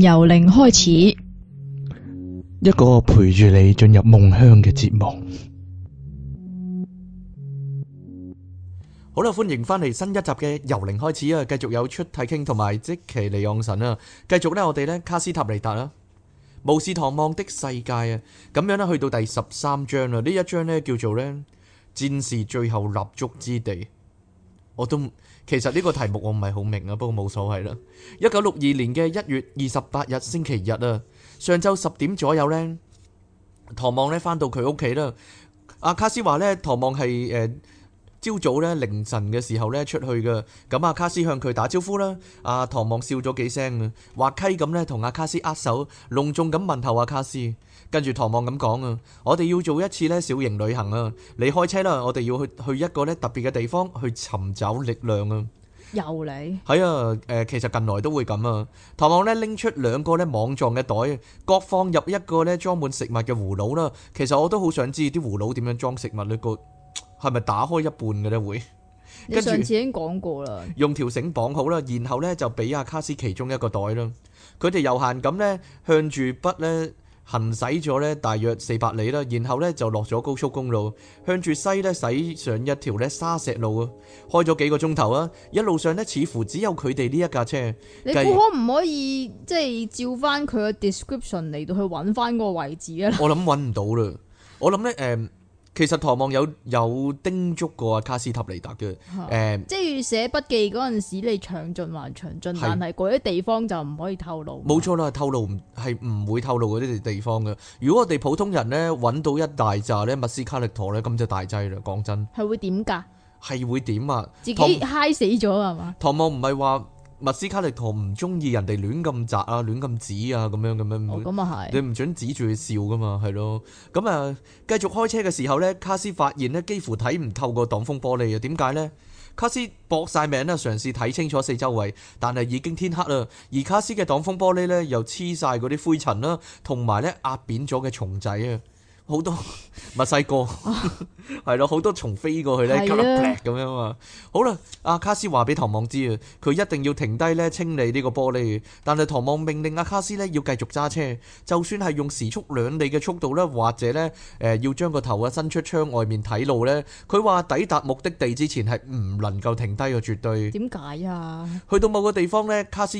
由零開始，一個陪住你進入夢鄉嘅節目。好啦，歡迎翻嚟新一集嘅由零開始啊！繼續有出體傾同埋即奇利昂神啊！繼續呢。我哋呢卡斯塔尼達啦，巫士唐望的世界啊！咁樣呢去到第十三章啦，啊，呢一章呢，叫做呢戰士最後立足之地。我都其實呢個題目我唔係好明啊，不過冇所謂啦。一九六二年嘅一月二十八日星期日啊，上晝十點左右咧，唐望咧翻到佢屋企啦。阿卡斯話咧，唐望係誒朝早咧凌晨嘅時候咧出去嘅。咁阿卡斯向佢打招呼啦。阿唐望笑咗幾聲啊，滑稽咁咧同阿卡斯握手，隆重咁問候阿卡斯。跟住唐望咁講啊，我哋要做一次咧小型旅行啊！你開車啦，我哋要去去一個咧特別嘅地方去尋找力量啊！又嚟？係啊，誒，其實近來都會咁啊。唐望咧拎出兩個咧網狀嘅袋，各放入一個咧裝滿食物嘅葫蘆啦。其實我都好想知啲葫蘆點樣裝食物咧，個係咪打開一半嘅咧會？你上次已經講過啦。用條繩綁好啦，然後咧就俾阿卡斯其中一個袋啦。佢哋悠閒咁咧向住筆咧。行駛咗咧大約四百里啦，然後咧就落咗高速公路，向住西咧駛上一條咧沙石路啊，開咗幾個鐘頭啊，一路上咧似乎只有佢哋呢一架車。你估可唔可以 即係照翻佢嘅 description 嚟到去搵翻個位置啊？我諗搵唔到啦，我諗咧誒。其實唐望有有叮囑過阿卡斯塔尼達嘅，誒，即係寫筆記嗰陣時，你詳盡還詳盡，但係嗰啲地方就唔可以透露。冇錯啦，透露唔係唔會透露嗰啲地方嘅。如果我哋普通人咧揾到一大扎咧，密斯卡力陀咧，咁就大劑啦。講真，係會點噶？係會點啊？自己 high 死咗係嘛？唐望唔係話。麥斯卡力圖唔中意人哋亂咁擲啊，亂咁指啊，咁樣咁樣，你唔准指住佢笑噶嘛，係咯？咁啊，繼續開車嘅時候咧，卡斯發現咧幾乎睇唔透個擋風玻璃啊。點解咧？卡斯搏晒命啦，嘗試睇清楚四周圍，但係已經天黑啦，而卡斯嘅擋風玻璃咧又黐晒嗰啲灰塵啦，同埋咧壓扁咗嘅蟲仔啊！好很多墨西哥係咯，好多蟲飛過去呢，咁樣嘛。好啦，阿卡斯話俾唐望知啊，佢一定要停低呢，清理呢個玻璃。但係唐望命令阿卡斯呢要繼續揸車，就算係用時速兩里嘅速度呢，或者呢誒要將個頭啊伸出窗外面睇路呢，佢話抵達目的地之前係唔能夠停低嘅絕對。點解啊？去到某個地方呢，卡斯。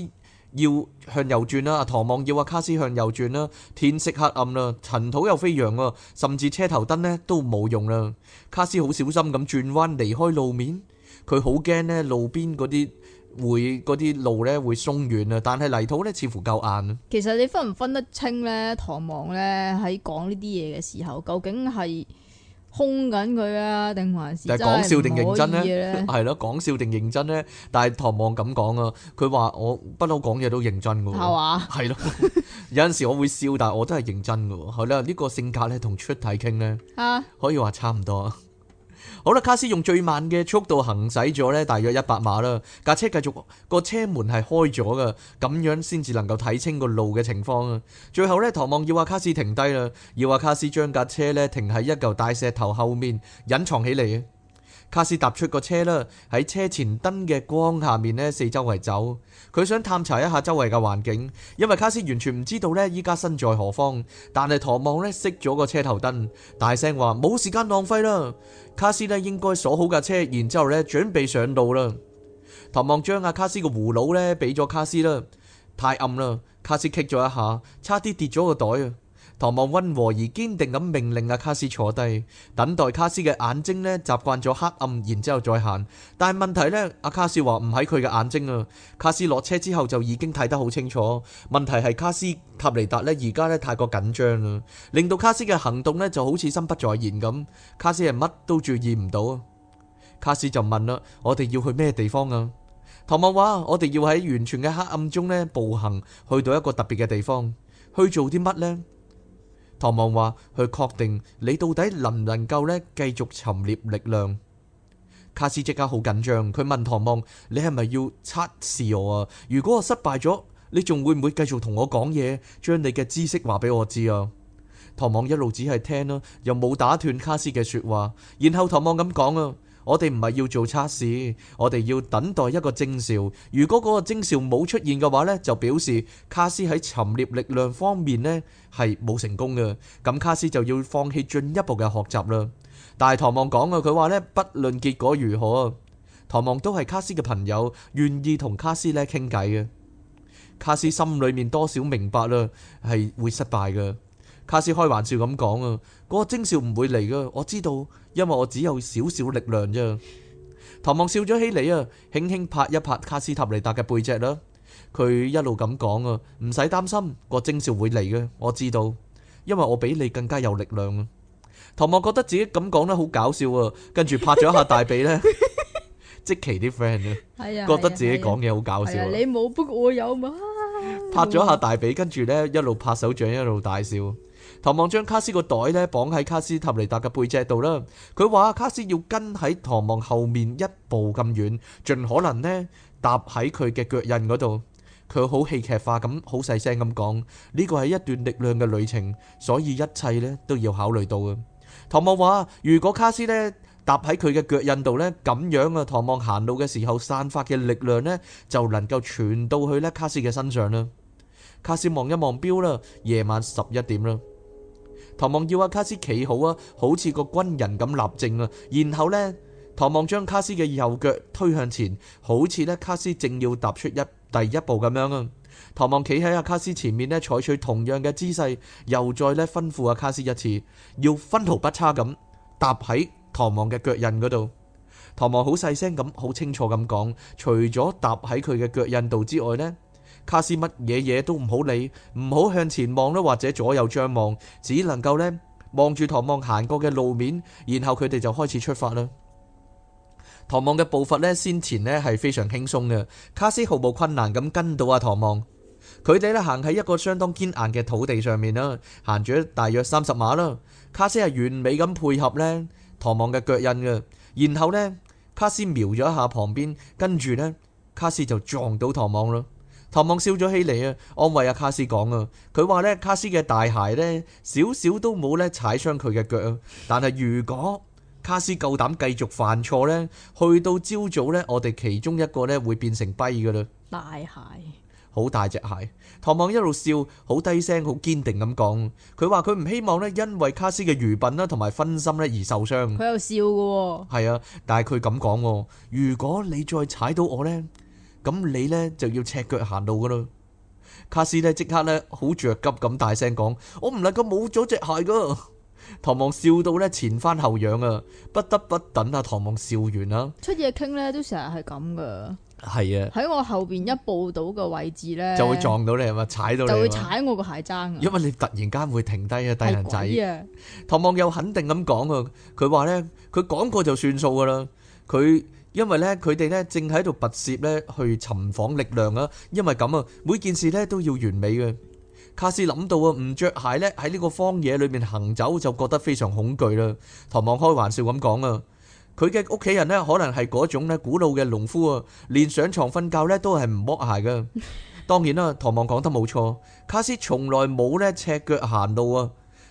要向右轉啦，啊唐望要阿卡斯向右轉啦，天色黑暗啦，塵土又飛揚啊，甚至車頭燈呢都冇用啦。卡斯好小心咁轉彎離開路面，佢好驚呢路邊嗰啲會啲路呢會鬆軟啊，但係泥土呢似乎夠硬。其實你分唔分得清呢？唐望呢喺講呢啲嘢嘅時候，究竟係？空緊佢啊，定還是？但係講笑定認真咧？係咯，講笑定認真咧？但係唐望咁講啊，佢話我不嬲講嘢都認真噶。係嘛？係咯，有陣時我會笑，但係我都係認真噶。係啦，呢個性格咧，同出體傾咧，可以話差唔多。哈 好啦，卡斯用最慢嘅速度行駛咗呢，大約一百碼啦。架車繼續，個車門係開咗噶，咁樣先至能夠睇清個路嘅情況啊。最後呢，唐望要阿卡斯停低啦，要阿卡斯將架車呢停喺一嚿大石頭後面隱藏起嚟啊。卡斯踏出個車啦，喺車前燈嘅光下面咧，四周圍走。佢想探查一下周圍嘅環境，因為卡斯完全唔知道呢依家身在何方。但係唐望呢熄咗個車頭燈，大聲話冇時間浪費啦。卡斯呢應該鎖好架車，然之後咧準備上路啦。唐望將阿卡斯個葫蘆呢俾咗卡斯啦，太暗啦。卡斯卡咗一下，差啲跌咗個袋啊！唐望溫和而堅定咁命令阿卡斯坐低，等待卡斯嘅眼睛咧，習慣咗黑暗，然之後再行。但係問題咧，阿卡斯話唔喺佢嘅眼睛啊。卡斯落車之後就已經睇得好清楚。問題係卡斯塔尼達呢而家呢太過緊張啦，令到卡斯嘅行動呢就好似心不在焉咁。卡斯係乜都注意唔到啊。卡斯就問啦，我哋要去咩地方啊？唐望話，我哋要喺完全嘅黑暗中呢，步行去到一個特別嘅地方去做啲乜呢？唐望話：去確定你到底能唔能夠呢，繼續尋獵力量。卡斯即刻好緊張，佢問唐望：你係咪要測試我啊？如果我失敗咗，你仲會唔會繼續同我講嘢，將你嘅知識話俾我知啊？唐望一路只係聽啦，又冇打斷卡斯嘅說話。然後唐望咁講啊。我哋唔係要做測試，我哋要等待一個徵兆。如果嗰個徵兆冇出現嘅話咧，就表示卡斯喺尋獵力量方面咧係冇成功嘅。咁卡斯就要放棄進一步嘅學習啦。但係唐望講嘅，佢話咧不論結果如何，唐望都係卡斯嘅朋友，願意同卡斯咧傾偈嘅。卡斯心裏面多少明白啦，係會失敗嘅。卡斯開玩笑咁講啊，嗰個徵兆唔會嚟㗎，我知道。因為我只有少少力量啫。唐望笑咗起嚟啊，輕輕拍一拍卡斯塔尼達嘅背脊啦。佢一路咁講啊，唔使擔心個徵兆會嚟嘅，我知道，因為我比你更加有力量啊。唐望覺得自己咁講得好搞笑啊，跟住拍咗一下大髀呢， 即其啲 friend 咧，覺得自己講嘢好搞笑。你冇，不過我有嘛？啊啊啊啊，拍咗下大髀，跟住呢，一路拍手掌，一路大笑。唐望將卡斯個袋呢綁喺卡斯塔尼達嘅背脊度啦。佢話卡斯要跟喺唐望後面一步咁遠，盡可能呢搭喺佢嘅腳印嗰度。佢好戲劇化咁，好細聲咁講呢個係一段力量嘅旅程，所以一切呢都要考慮到啊。唐望話如果卡斯呢搭喺佢嘅腳印度呢，咁樣啊，唐望行路嘅時候散發嘅力量呢，就能夠傳到去呢卡斯嘅身上啦。卡斯望一望錶啦，夜晚十一點啦。唐望要阿卡斯企好啊，好似個軍人咁立正啊。然後呢，唐望將卡斯嘅右腳推向前，好似呢卡斯正要踏出一第一步咁樣啊。唐望企喺阿卡斯前面呢，採取同樣嘅姿勢，又再呢吩咐阿卡斯一次，要分毫不差咁踏喺唐望嘅腳印嗰度。唐望好細聲咁，好清楚咁講，除咗踏喺佢嘅腳印度之外呢。」卡斯乜嘢嘢都唔好理，唔好向前望啦，或者左右張望，只能夠呢，望住唐望行過嘅路面，然後佢哋就開始出發啦。唐望嘅步伐呢，先前呢係非常輕鬆嘅，卡斯毫無困難咁跟到阿唐望。佢哋呢行喺一個相當堅硬嘅土地上面啦，行咗大約三十碼啦。卡斯係完美咁配合呢唐望嘅腳印嘅，然後呢，卡斯瞄咗一下旁邊，跟住呢，卡斯就撞到唐望啦。唐望笑咗起嚟啊，安慰阿卡斯講啊，佢話咧，卡斯嘅大鞋咧少少都冇咧踩傷佢嘅腳啊，但係如果卡斯夠膽繼續犯錯咧，去到朝早咧，我哋其中一個咧會變成跛噶啦。大鞋，好大隻鞋。唐望一路笑，好低聲，好堅定咁講。佢話佢唔希望咧因為卡斯嘅愚笨啦同埋分心咧而受傷。佢又笑噶、哦。係啊，但係佢咁講，如果你再踩到我咧。咁你咧就要赤腳行路噶啦，卡斯咧即刻咧好着急咁大聲講，我唔能夠冇咗隻鞋噶。唐望笑到咧前翻後仰啊，不得不等下唐望笑完啦。出嘢傾咧都成日係咁噶，係啊，喺我後邊一步到嘅位置咧就會撞到你係咪，踩到你就會踩我個鞋踭。因為你突然間會停低啊，低人仔啊！唐望又肯定咁講啊，佢話咧佢講過就算數噶啦，佢。因為咧，佢哋咧正喺度跋涉咧去尋訪力量啊！因為咁啊，每件事咧都要完美嘅。卡斯諗到啊，唔著鞋咧喺呢個荒野裏面行走就覺得非常恐懼啦。唐望開玩笑咁講啊，佢嘅屋企人咧可能係嗰種咧古老嘅農夫啊，連上床瞓覺咧都係唔剝鞋噶。當然啦，唐望講得冇錯，卡斯從來冇咧赤腳行路啊。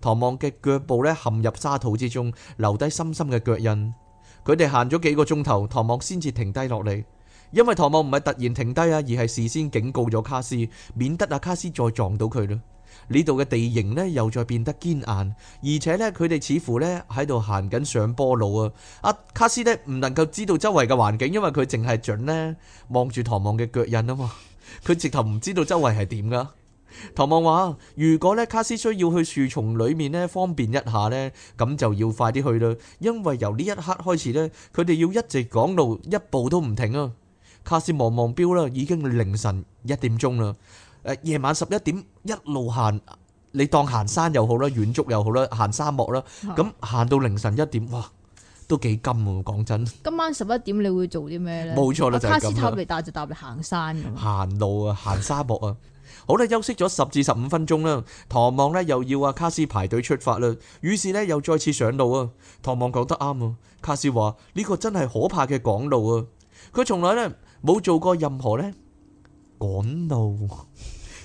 唐望嘅腳步咧陷入沙土之中，留低深深嘅腳印。佢哋行咗幾個鐘頭，唐望先至停低落嚟。因為唐望唔係突然停低啊，而係事先警告咗卡斯，免得阿卡斯再撞到佢啦。呢度嘅地形咧又再變得堅硬，而且呢，佢哋似乎呢喺度行緊上坡路啊。阿卡斯呢唔能夠知道周圍嘅環境，因為佢淨係准呢望住唐望嘅腳印啊嘛，佢直頭唔知道周圍係點噶。唐望話：如果咧，卡斯需要去樹叢裏面咧方便一下咧，咁就要快啲去啦。因為由呢一刻開始咧，佢哋要一直趕路，一步都唔停啊！卡斯望望錶啦，已經凌晨一點鐘啦。誒，夜晚十一點，一路行，你當行山又好啦，遠足又好啦，行沙漠啦，咁行到凌晨一點，哇，都幾甘喎！講真，今晚十一點你會做啲咩咧？冇錯啦，就係咁。卡斯塔嚟帶就帶嚟行山咁。行路啊，行沙漠啊。好啦，休息咗十至十五分鐘啦。唐望呢又要阿卡斯排隊出發啦，於是呢又再次上路啊。唐望講得啱啊，卡斯話呢個真係可怕嘅趕路啊！佢從來呢冇做過任何呢趕路，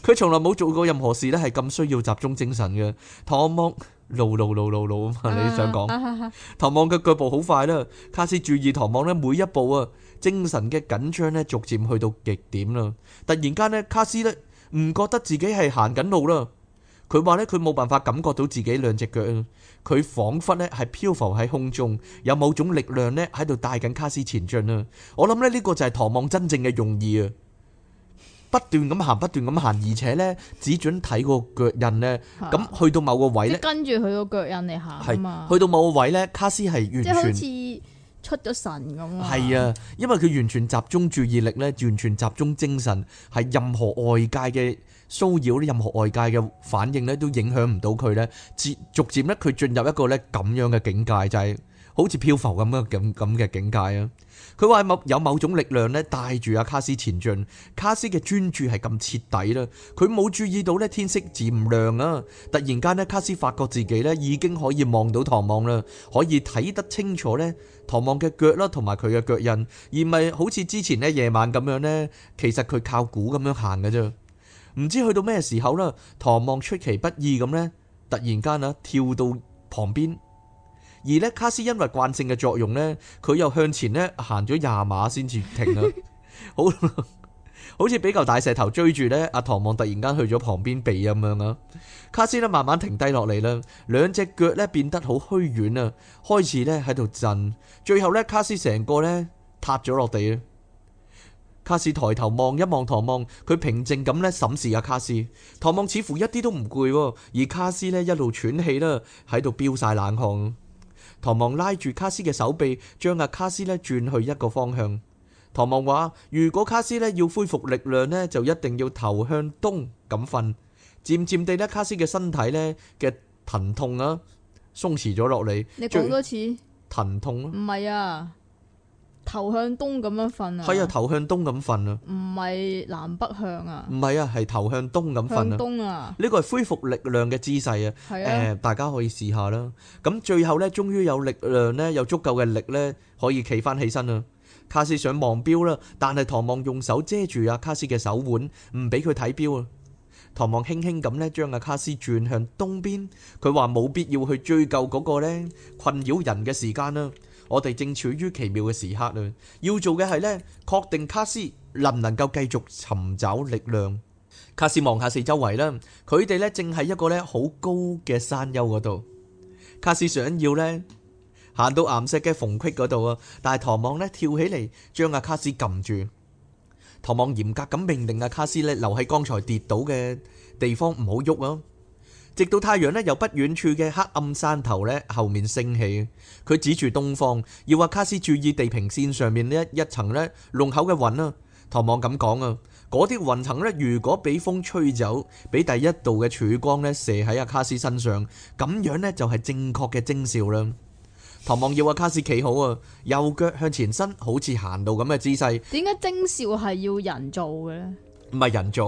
佢 從來冇做過任何事呢係咁需要集中精神嘅。唐望路路路路路啊！嘛、no, no, no, no, no, no, no. 你想講？ 唐望嘅腳步好快啦，卡斯注意唐望呢每一步啊，精神嘅緊張呢逐漸去到極點啦。突然間呢，卡斯呢。唔覺得自己係行緊路啦，佢話呢，佢冇辦法感覺到自己兩隻腳啊，佢仿佛咧係漂浮喺空中，有某種力量呢喺度帶緊卡斯前進啊，我諗咧呢個就係唐望真正嘅用意啊，不斷咁行，不斷咁行，而且呢，只准睇個腳印呢咁，啊，去到某個位咧，跟住佢個腳印嚟行，去到某個位呢，卡斯係完全。出咗神咁啊！係啊，因為佢完全集中注意力咧，完全集中精神，喺任何外界嘅騷擾，任何外界嘅反應咧，都影響唔到佢咧。漸逐漸咧，佢進入一個咧咁樣嘅境界，就係、是。好似漂浮咁嘅咁咁嘅境界啊！佢話某有某種力量咧帶住阿卡斯前進，卡斯嘅專注係咁徹底啦，佢冇注意到咧天色漸亮啊！突然間咧，卡斯發覺自己咧已經可以望到唐望啦，可以睇得清楚呢唐望嘅腳啦，同埋佢嘅腳印，而咪好似之前咧夜晚咁樣呢，其實佢靠鼓咁樣行嘅啫。唔知去到咩時候啦，唐望出其不意咁呢，突然間啊跳到旁邊。而咧，卡斯因為慣性嘅作用呢，佢又向前咧行咗廿碼先至停啦，啊。 好，好似俾嚿大石頭追住呢。阿唐望突然間去咗旁邊避咁樣啊。卡斯咧慢慢停低落嚟啦，兩隻腳呢，變得好虛軟啊，開始呢喺度震，最後呢，卡斯成個呢，塌咗落地啦。卡斯抬頭望一望唐望，佢平靜咁呢審視阿、啊、卡斯。唐望似乎一啲都唔攰，啊，而卡斯呢，一路喘氣啦，喺度飆晒冷汗。唐望拉住卡斯嘅手臂，將阿卡斯咧轉去一個方向。唐望話：如果卡斯咧要恢復力量咧，就一定要頭向東咁瞓。漸漸地咧，卡斯嘅身體咧嘅疼痛啊鬆弛咗落嚟。你講多次疼痛啊？唔係啊。頭向東咁樣瞓啊！係啊，頭向東咁瞓啊！唔係南北向啊！唔係啊，係頭向東咁瞓啊！東啊！呢個係恢復力量嘅姿勢啊！係啊、呃！大家可以試下啦。咁最後呢，終於有力量呢，有足夠嘅力呢，可以企翻起身啦。卡斯想望表啦，但係唐望用手遮住阿卡斯嘅手腕，唔俾佢睇表啊。唐望輕輕咁呢，將阿卡斯轉向東邊，佢話冇必要去追究嗰個呢，困擾人嘅時間啦。我哋正處於奇妙嘅時刻啊！要做嘅係咧，確定卡斯能唔能夠繼續尋找力量。卡斯望下四周圍啦，佢哋咧正喺一個咧好高嘅山丘嗰度。卡斯想要咧行到岩石嘅縫隙嗰度啊，但係唐望咧跳起嚟將阿卡斯撳住。唐望嚴格咁命令阿卡斯咧留喺剛才跌倒嘅地方唔好喐啊！直到太陽咧由不遠處嘅黑暗山頭咧後面升起，佢指住東方，要阿卡斯注意地平綫上面呢一一層咧濃厚嘅雲啊。唐望咁講啊，嗰啲雲層咧如果俾風吹走，俾第一道嘅曙光咧射喺阿卡斯身上，咁樣咧就係正確嘅徵兆啦。唐望要阿卡斯企好啊，右腳向前伸，好似行路咁嘅姿勢。點解徵兆係要人做嘅呢？唔係人造，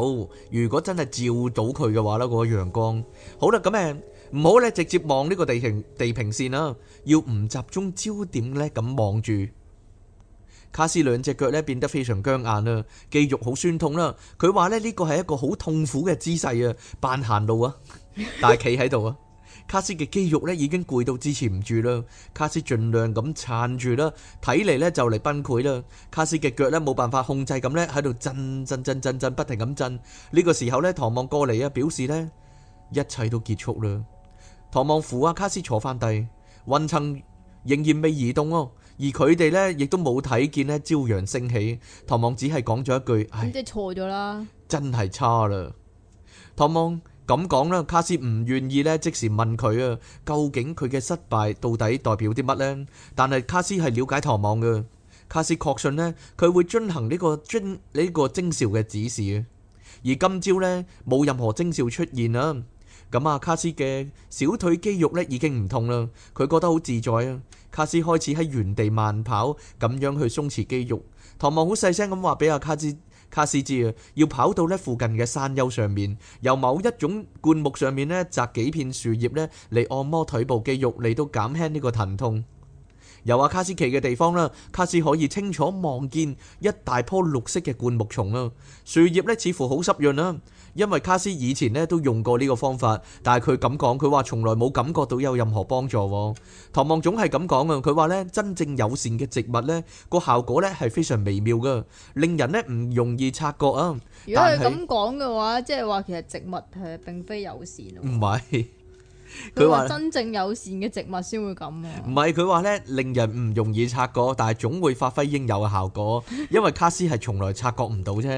如果真係照到佢嘅話呢，呢個陽光。好啦，咁誒，唔好咧，直接望呢個地平地平線啦，要唔集中焦點呢咁望住。卡斯兩隻腳呢變得非常僵硬啦，肌肉好酸痛啦。佢話呢，呢個係一個好痛苦嘅姿勢啊，扮行路啊，但係企喺度啊。卡斯嘅肌肉咧已經攰到支持唔住啦，卡斯盡量咁撐住啦，睇嚟咧就嚟崩潰啦。卡斯嘅腳咧冇辦法控制咁咧喺度震震震震震，震，震不停咁震。呢個時候咧，唐望過嚟啊，表示咧一切都結束啦。唐望扶阿卡斯坐翻低，雲層仍然未移動哦，而佢哋咧亦都冇睇見咧朝陽升起。唐望只係講咗一句：唉，真係錯咗啦，真係差啦。唐望。咁講啦，卡斯唔願意呢，即時問佢啊，究竟佢嘅失敗到底代表啲乜呢？」但係卡斯係了解唐望嘅，卡斯確信呢，佢會遵行呢、這個徵呢、這個徵、這個、兆嘅指示。而今朝呢，冇任何徵兆出現啊。咁啊，卡斯嘅小腿肌肉呢已經唔痛啦，佢覺得好自在啊。卡斯開始喺原地慢跑，咁樣去鬆弛肌肉。唐望好細聲咁話俾阿卡斯，卡斯治啊，要跑到呢附近嘅山丘上面，由某一種灌木上面呢摘幾片樹葉呢嚟，按摩腿部肌肉，嚟到減輕呢個疼痛。又話卡斯奇嘅地方啦，卡斯可以清楚望見一大棵綠色嘅灌木叢啊。樹葉咧似乎好濕潤啊，因為卡斯以前咧都用過呢個方法，但係佢咁講，佢話從來冇感覺到有任何幫助。唐望總係咁講啊，佢話咧真正友善嘅植物咧個效果咧係非常微妙㗎，令人咧唔容易察覺啊。如果係咁講嘅話，即係話其實植物係並非友善咯。唔係。佢話說真正友善嘅植物先會咁嘅，唔係，佢話咧令人唔容易察覺，但係總會發揮應有嘅效果，因為卡斯係從來察覺唔到啫，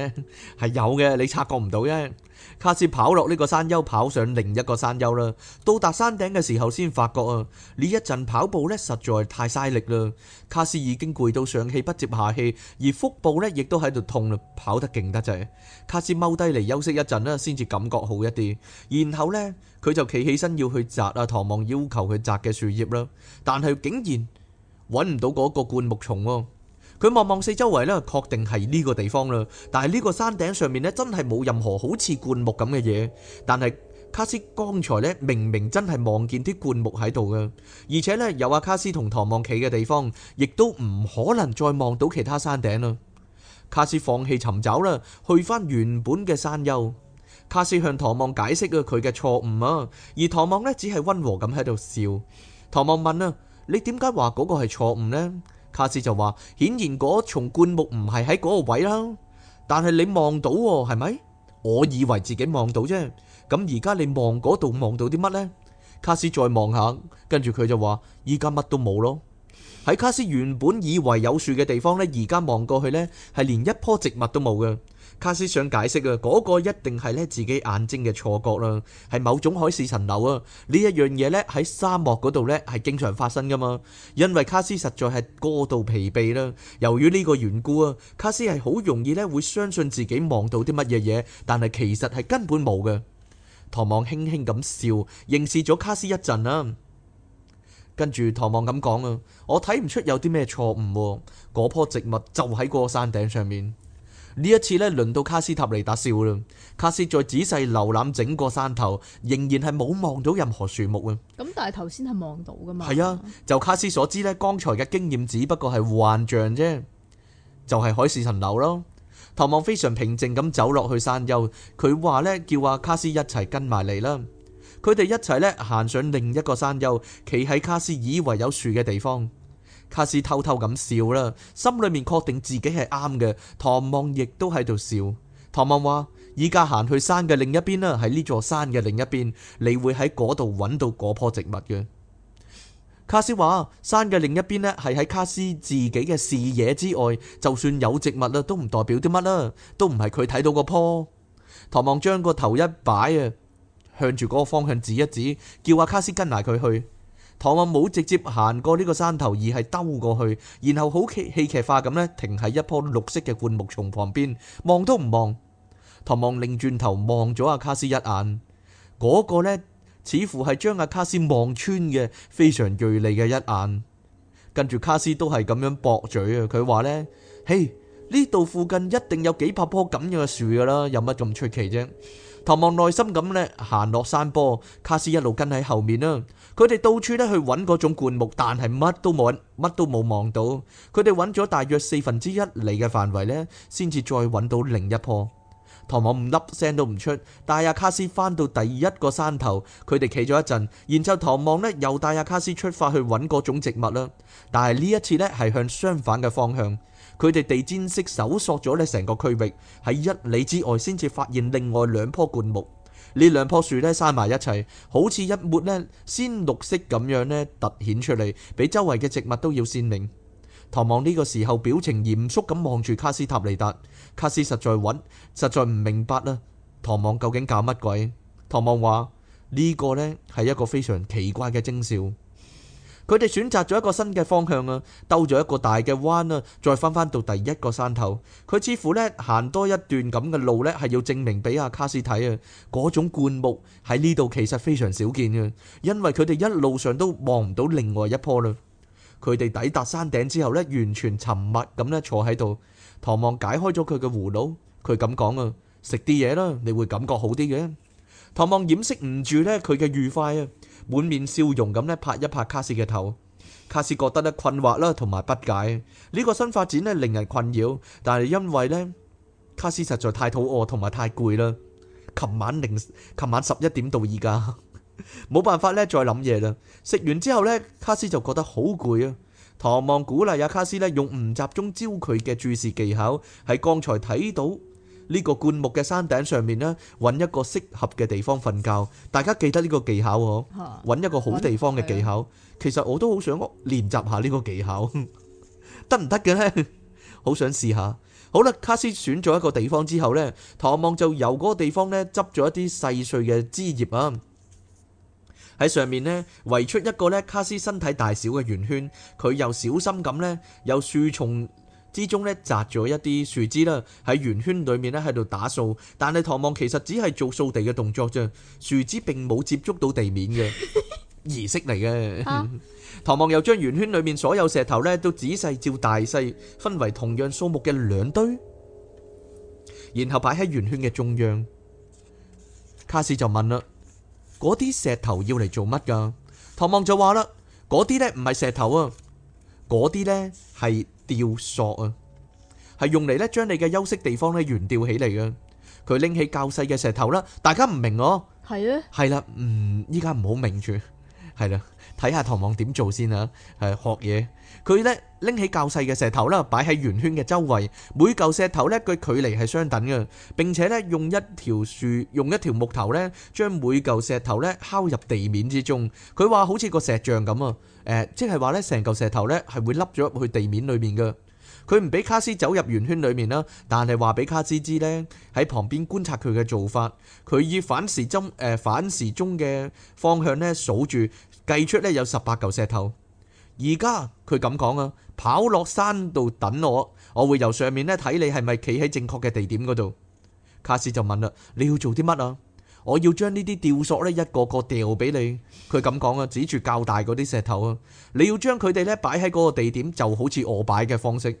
係 有嘅，你察覺唔到啫。卡斯跑落呢個山丘，跑上另一個山丘啦。到達山頂嘅時候，先發覺啊，呢一陣跑步呢實在太嘥力啦。卡斯已經攰到上氣不接下氣，而腹部呢亦都喺度痛啦。跑得勁得滯，卡斯踎低嚟休息一陣啦，先至感覺好一啲。然後呢，佢就企起身要去摘啊，唐望要求佢摘嘅樹葉啦。但係竟然搵唔到嗰個灌木叢。佢望望四周圍呢，確定係呢個地方啦。但係呢個山頂上面呢，真係冇任何好似灌木咁嘅嘢。但係卡斯剛才呢，明明真係望見啲灌木喺度嘅。而且呢，有阿卡斯同唐望企嘅地方，亦都唔可能再望到其他山頂啦。卡斯放棄尋找啦，去翻原本嘅山丘。卡斯向唐望解釋咗佢嘅錯誤啊，而唐望呢，只係溫和咁喺度笑。唐望問啊：「你點解話嗰個係錯誤呢？」卡斯就話：顯然嗰叢灌木唔係喺嗰個位啦，但係你望到喎，係咪？我以為自己望到啫。咁而家你望嗰度望到啲乜呢？卡斯再望下，跟住佢就話：依家乜都冇咯。喺卡斯原本以為有樹嘅地方呢，而家望過去呢，係連一棵植物都冇嘅。卡斯想解釋啊，嗰、那個一定係咧自己眼睛嘅錯覺啦，係某種海市蜃樓啊！呢一樣嘢咧喺沙漠嗰度咧係經常發生噶嘛，因為卡斯實在係過度疲憊啦。由於呢個緣故啊，卡斯係好容易咧會相信自己望到啲乜嘢嘢，但係其實係根本冇嘅。唐望輕輕咁笑，凝視咗卡斯一陣啊，跟住唐望咁講啊，我睇唔出有啲咩錯誤喎，嗰棵植物就喺嗰個山頂上面。呢一次咧，輪到卡斯塔尼達笑啦。卡斯再仔細瀏覽整個山頭，仍然係冇望到任何樹木啊。咁但係頭先係望到噶嘛？係啊，就卡斯所知咧，剛才嘅經驗只不過係幻象啫，就係、是、海市蜃樓咯。唐望非常平靜咁走落去山丘，佢話咧叫阿卡斯一齊跟埋嚟啦。佢哋一齊咧行上另一個山丘，企喺卡斯以為有樹嘅地方。卡斯偷偷咁笑啦，心裏面確定自己係啱嘅。唐望亦都喺度笑。唐望話：依家行去山嘅另一邊啦，喺呢座山嘅另一邊，你會喺嗰度揾到嗰棵植物嘅。卡斯話：山嘅另一邊呢，係喺卡斯自己嘅視野之外，就算有植物啦，都唔代表啲乜啦，都唔係佢睇到個坡。唐望將個頭一擺啊，向住嗰個方向指一指，叫阿卡斯跟埋佢去。唐望冇直接行過呢個山頭，而係兜過去，然後好戲劇化咁咧，停喺一棵綠色嘅灌木叢旁邊，望都唔望。唐望擰轉頭望咗阿卡斯一眼，嗰個呢似乎係將阿卡斯望穿嘅，非常銳利嘅一眼。跟住卡斯都係咁樣駁嘴啊，佢話呢：「嘿，呢度附近一定有幾百棵咁樣嘅樹噶啦，有乜咁出奇啫？」唐望耐心咁呢，行落山坡，卡斯一路跟喺後面啦。佢哋到處咧去揾嗰種灌木，但係乜都冇，乜都冇望到。佢哋揾咗大約四分之一里嘅範圍呢，先至再揾到另一棵。唐望唔粒聲都唔出，帶阿卡斯返到第一個山頭，佢哋企咗一陣，然之後唐望呢又帶阿卡斯出發去揾嗰種植物啦。但係呢一次呢係向相反嘅方向，佢哋地氈式搜索咗呢成個區域，喺一里之外先至發現另外兩棵灌木。呢兩棵樹呢，生埋一齊，好似一抹呢鮮綠色咁樣呢，突顯出嚟，比周圍嘅植物都要鮮明。唐望呢個時候表情嚴肅咁望住卡斯塔利達，卡斯實在搵，實在唔明白啦。唐望究竟搞乜鬼？唐望話呢個呢，係一個非常奇怪嘅徵兆。佢哋選擇咗一個新嘅方向啊，兜咗一個大嘅彎啊，再翻返到第一個山頭。佢似乎咧行多一段咁嘅路咧，係要證明俾阿卡斯睇啊。嗰種灌木喺呢度其實非常少見嘅，因為佢哋一路上都望唔到另外一棵啦。佢哋抵達山頂之後咧，完全沉默咁咧坐喺度。唐望解開咗佢嘅葫蘆，佢咁講啊：食啲嘢啦，你會感覺好啲嘅。唐望掩飾唔住咧佢嘅愉快啊。滿面笑容咁咧，拍一拍卡斯嘅頭。卡斯覺得咧困惑啦，同埋不解呢個新發展咧令人困擾。但係因為咧，卡斯實在太肚餓同埋太攰啦。琴晚零琴晚十一點到而家，冇 辦法咧再諗嘢啦。食完之後咧，卡斯就覺得好攰啊。唐望鼓勵阿卡斯咧用唔集中焦距嘅注視技巧，喺剛才睇到，呢個灌木嘅山頂上面呢，揾一個適合嘅地方瞓覺。大家記得呢個技巧喎，揾一個好地方嘅技巧。其實我都好想練習下呢個技巧，得唔得嘅呢？好 想試下。好啦，卡斯選咗一個地方之後呢，唐望就由嗰個地方呢執咗一啲細碎嘅枝葉啊，喺上面呢，圍出一個呢卡斯身體大小嘅圓圈。佢又小心咁呢，由樹叢之中呢紮咗一啲樹枝啦，喺圓圈裏面呢喺度打掃，但係唐望其實只係做掃地嘅動作啫，樹枝並冇接觸到地面嘅儀式嚟嘅。唐望又將圓圈裏面所有石頭呢都仔細照大細，分為同樣數目嘅兩堆，然後擺喺圓圈嘅中央。卡斯就問啦，嗰啲石頭要嚟做乜噶？唐望就話啦，嗰啲呢唔係石頭啊，嗰啲呢係。吊索啊，係用嚟咧將你嘅休息地方咧懸吊起嚟嘅。佢拎起較細嘅石頭啦，大家唔明我、哦？係啊的。係啦，嗯，依家唔好明住，係啦。睇下唐望點做先啊！係學嘢，佢咧拎起較細嘅石頭咧，擺喺圓圈嘅周圍，每嚿石頭咧佢距離係相等嘅。並且咧用一條樹用一條木頭咧，將每嚿石頭咧敲入地面之中。佢話好似個石像咁啊！誒、呃，即係話咧成嚿石頭咧係會凹咗入去地面裏面嘅。佢唔俾卡斯走入圓圈裏面啦，但係話俾卡斯知咧喺旁邊觀察佢嘅做法。佢以反時針誒、呃、反時鐘嘅方向咧數住。計出咧有十八嚿石頭，而家佢咁講啊，跑落山度等我，我會由上面咧睇你係咪企喺正確嘅地點嗰度。卡斯就問啦，你要做啲乜啊？我要將呢啲吊索咧一個個吊俾你。佢咁講啊，指住較大嗰啲石頭啊，你要將佢哋咧擺喺嗰個地點，就好似我擺嘅方式。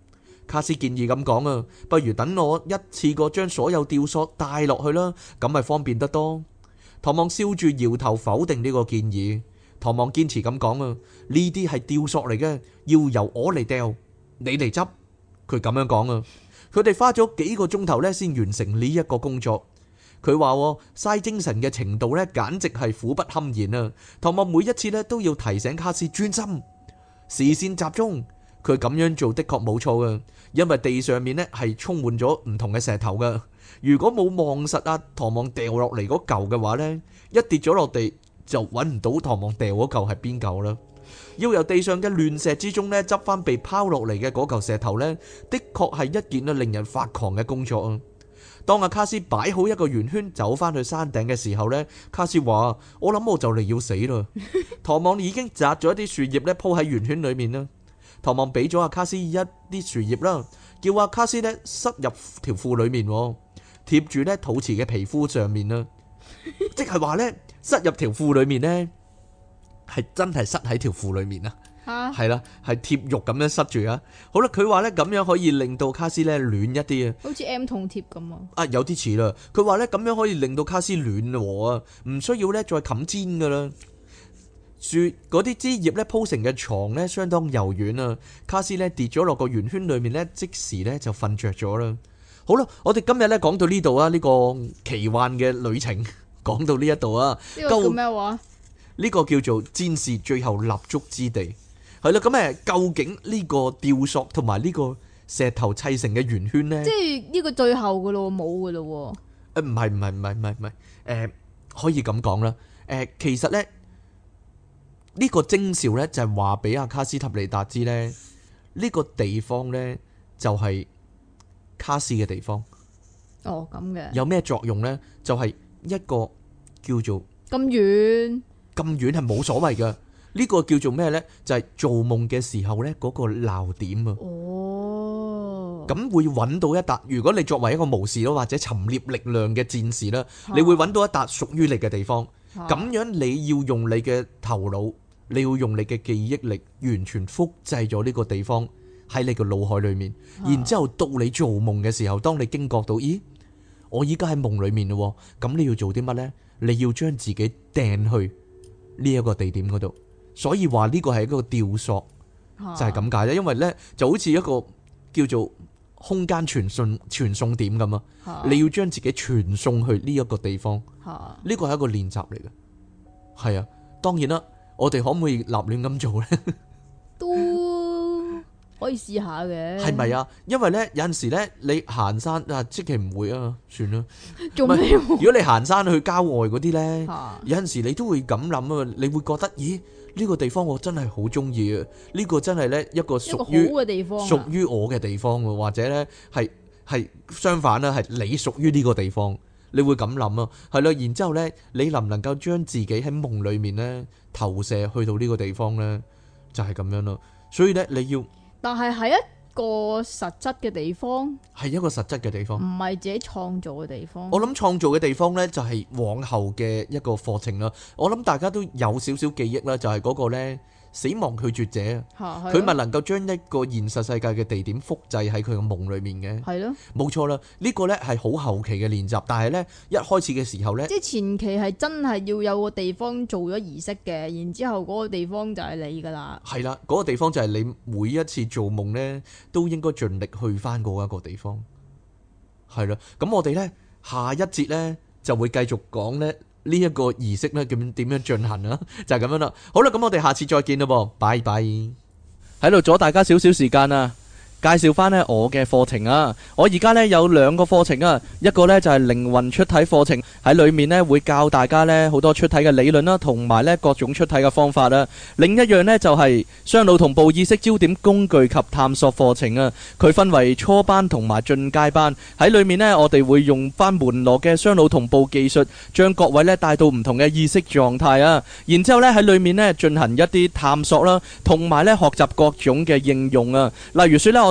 卡斯建議咁講啊，不如等我一次過將所有吊索帶落去啦，咁咪方便得多。唐望笑住搖頭否定呢個建議。唐望堅持咁講啊，呢啲係吊索嚟嘅，要由我嚟掉，你嚟執。佢咁樣講啊，佢哋花咗幾個鐘頭咧，先完成呢一個工作。佢話嘥精神嘅程度咧，簡直係苦不堪言啊！唐望每一次咧都要提醒卡斯專心，視線集中。佢咁樣做的確冇錯嘅，因為地上面咧係充滿咗唔同嘅石頭嘅。如果冇望實阿唐望掉落嚟嗰嚿嘅話呢，一跌咗落地就揾唔到唐望掉嗰嚿係邊嚿啦。要由地上嘅亂石之中呢執翻被拋落嚟嘅嗰嚿石頭呢，的確係一件令人發狂嘅工作啊。當阿卡斯擺好一個圓圈，走翻去山頂嘅時候呢，卡斯話：我諗我就嚟要死啦！唐望 已經摘咗一啲樹葉咧，鋪喺圓圈裏面啦。唐望俾咗阿卡斯一啲樹葉啦，叫阿卡斯咧塞入條褲裏面，貼住咧肚臍嘅皮膚上面啦。即係話咧塞入條褲裏面咧，係真係塞喺條褲裏面啊！係啦哈，係貼 肉咁樣塞住啊！好啦，佢話咧咁樣可以令到卡斯咧暖一啲啊，好似 M 痛貼咁啊！啊，有啲似啦。佢話咧咁樣可以令到卡斯暖 啊，唔需要咧再冚氈噶啦。樹嗰啲枝葉咧鋪成嘅床咧相當柔軟啊，卡斯咧跌咗落個圓圈裏面咧即時咧就瞓着咗啦。好啦，我哋今日咧講到呢度啊，呢、這個奇幻嘅旅程講到呢一度啊。呢個咩話？呢個叫做戰士最後立足之地。係啦，咁誒，究竟呢個吊索同埋呢個石頭砌成嘅圓圈咧？即係呢個最後噶咯，冇噶咯。誒、呃，唔係唔係唔係唔係唔係，誒、呃，可以咁講啦。誒、呃，其實咧。呢個徵兆咧就係話俾阿卡斯塔利達知咧，呢個地方咧就係卡斯嘅地方。哦，咁嘅。有咩作用咧？就係一個叫做咁遠，咁遠係冇所謂嘅。呢個叫做咩咧？就係做夢嘅時候咧嗰個鬧點啊。哦。咁會搵到一笪。如果你作為一個巫士啦，或者尋獵力量嘅戰士啦，你會搵到一笪屬於你嘅地方。咁樣你要用你嘅頭腦。你要用你嘅記憶力，完全複製咗呢個地方喺你個腦海裏面。啊、然之後到你做夢嘅時候，當你驚覺到，咦，我依家喺夢裏面咯，咁你要做啲乜呢？你要將自己掟去呢一個地點嗰度。所以話呢個係一個吊索，就係咁解啫。啊、因為呢就好似一個叫做空間傳送傳送點咁啊，你要將自己傳送去呢一個地方。呢、啊、個係一個練習嚟嘅，係啊，當然啦。我哋可唔可以立亂咁做呢？都可以試下嘅。係咪啊？因為呢有陣時呢，你行山啊，即係唔會啊，算啦。做咩？如果你行山去郊外嗰啲呢，有陣時你都會咁諗啊，你會覺得咦，呢個地方我真係好中意啊！呢個真係呢一個屬於嘅地方，屬於我嘅地方喎，或者呢係係相反啦，係你屬於呢個地方。你會咁諗啊，係咯，然之後咧，你能唔能夠將自己喺夢裏面咧，投射去到呢個地方呢？就係咁樣咯。所以呢，你要，但係喺一個實質嘅地方，係一個實質嘅地方，唔係自己創造嘅地方。我諗創造嘅地方呢，就係往後嘅一個課程啦。我諗大家都有少少記憶啦，就係嗰個呢。死亡拒絕者，佢咪、啊、能夠將一個現實世界嘅地點複製喺佢嘅夢裏面嘅？係咯的，冇錯啦。呢、這個呢係好後期嘅練習，但係呢，一開始嘅時候呢，即係前期係真係要有個地方做咗儀式嘅，然之後嗰個地方就係你噶啦。係啦，嗰、那個地方就係你每一次做夢呢，都應該盡力去返嗰一個地方。係啦，咁我哋呢，下一節呢，就會繼續講呢。呢一個儀式咧，咁點樣進行啊？ 就係咁樣啦。好啦，咁我哋下次再見啦，噃拜拜！喺度阻大家少少時間啊。介紹翻咧我嘅課程啊！我而家咧有兩個課程啊，一個咧就係靈魂出體課程，喺裏面咧會教大家咧好多出體嘅理論啦，同埋咧各種出體嘅方法啦。另一樣咧就係雙腦同步意識焦點工具及探索課程啊。佢分為初班同埋進階班，喺裏面咧我哋會用翻門羅嘅雙腦同步技術，將各位咧帶到唔同嘅意識狀態啊。然之後咧喺裏面咧進行一啲探索啦，同埋咧學習各種嘅應用啊。例如説咧，我。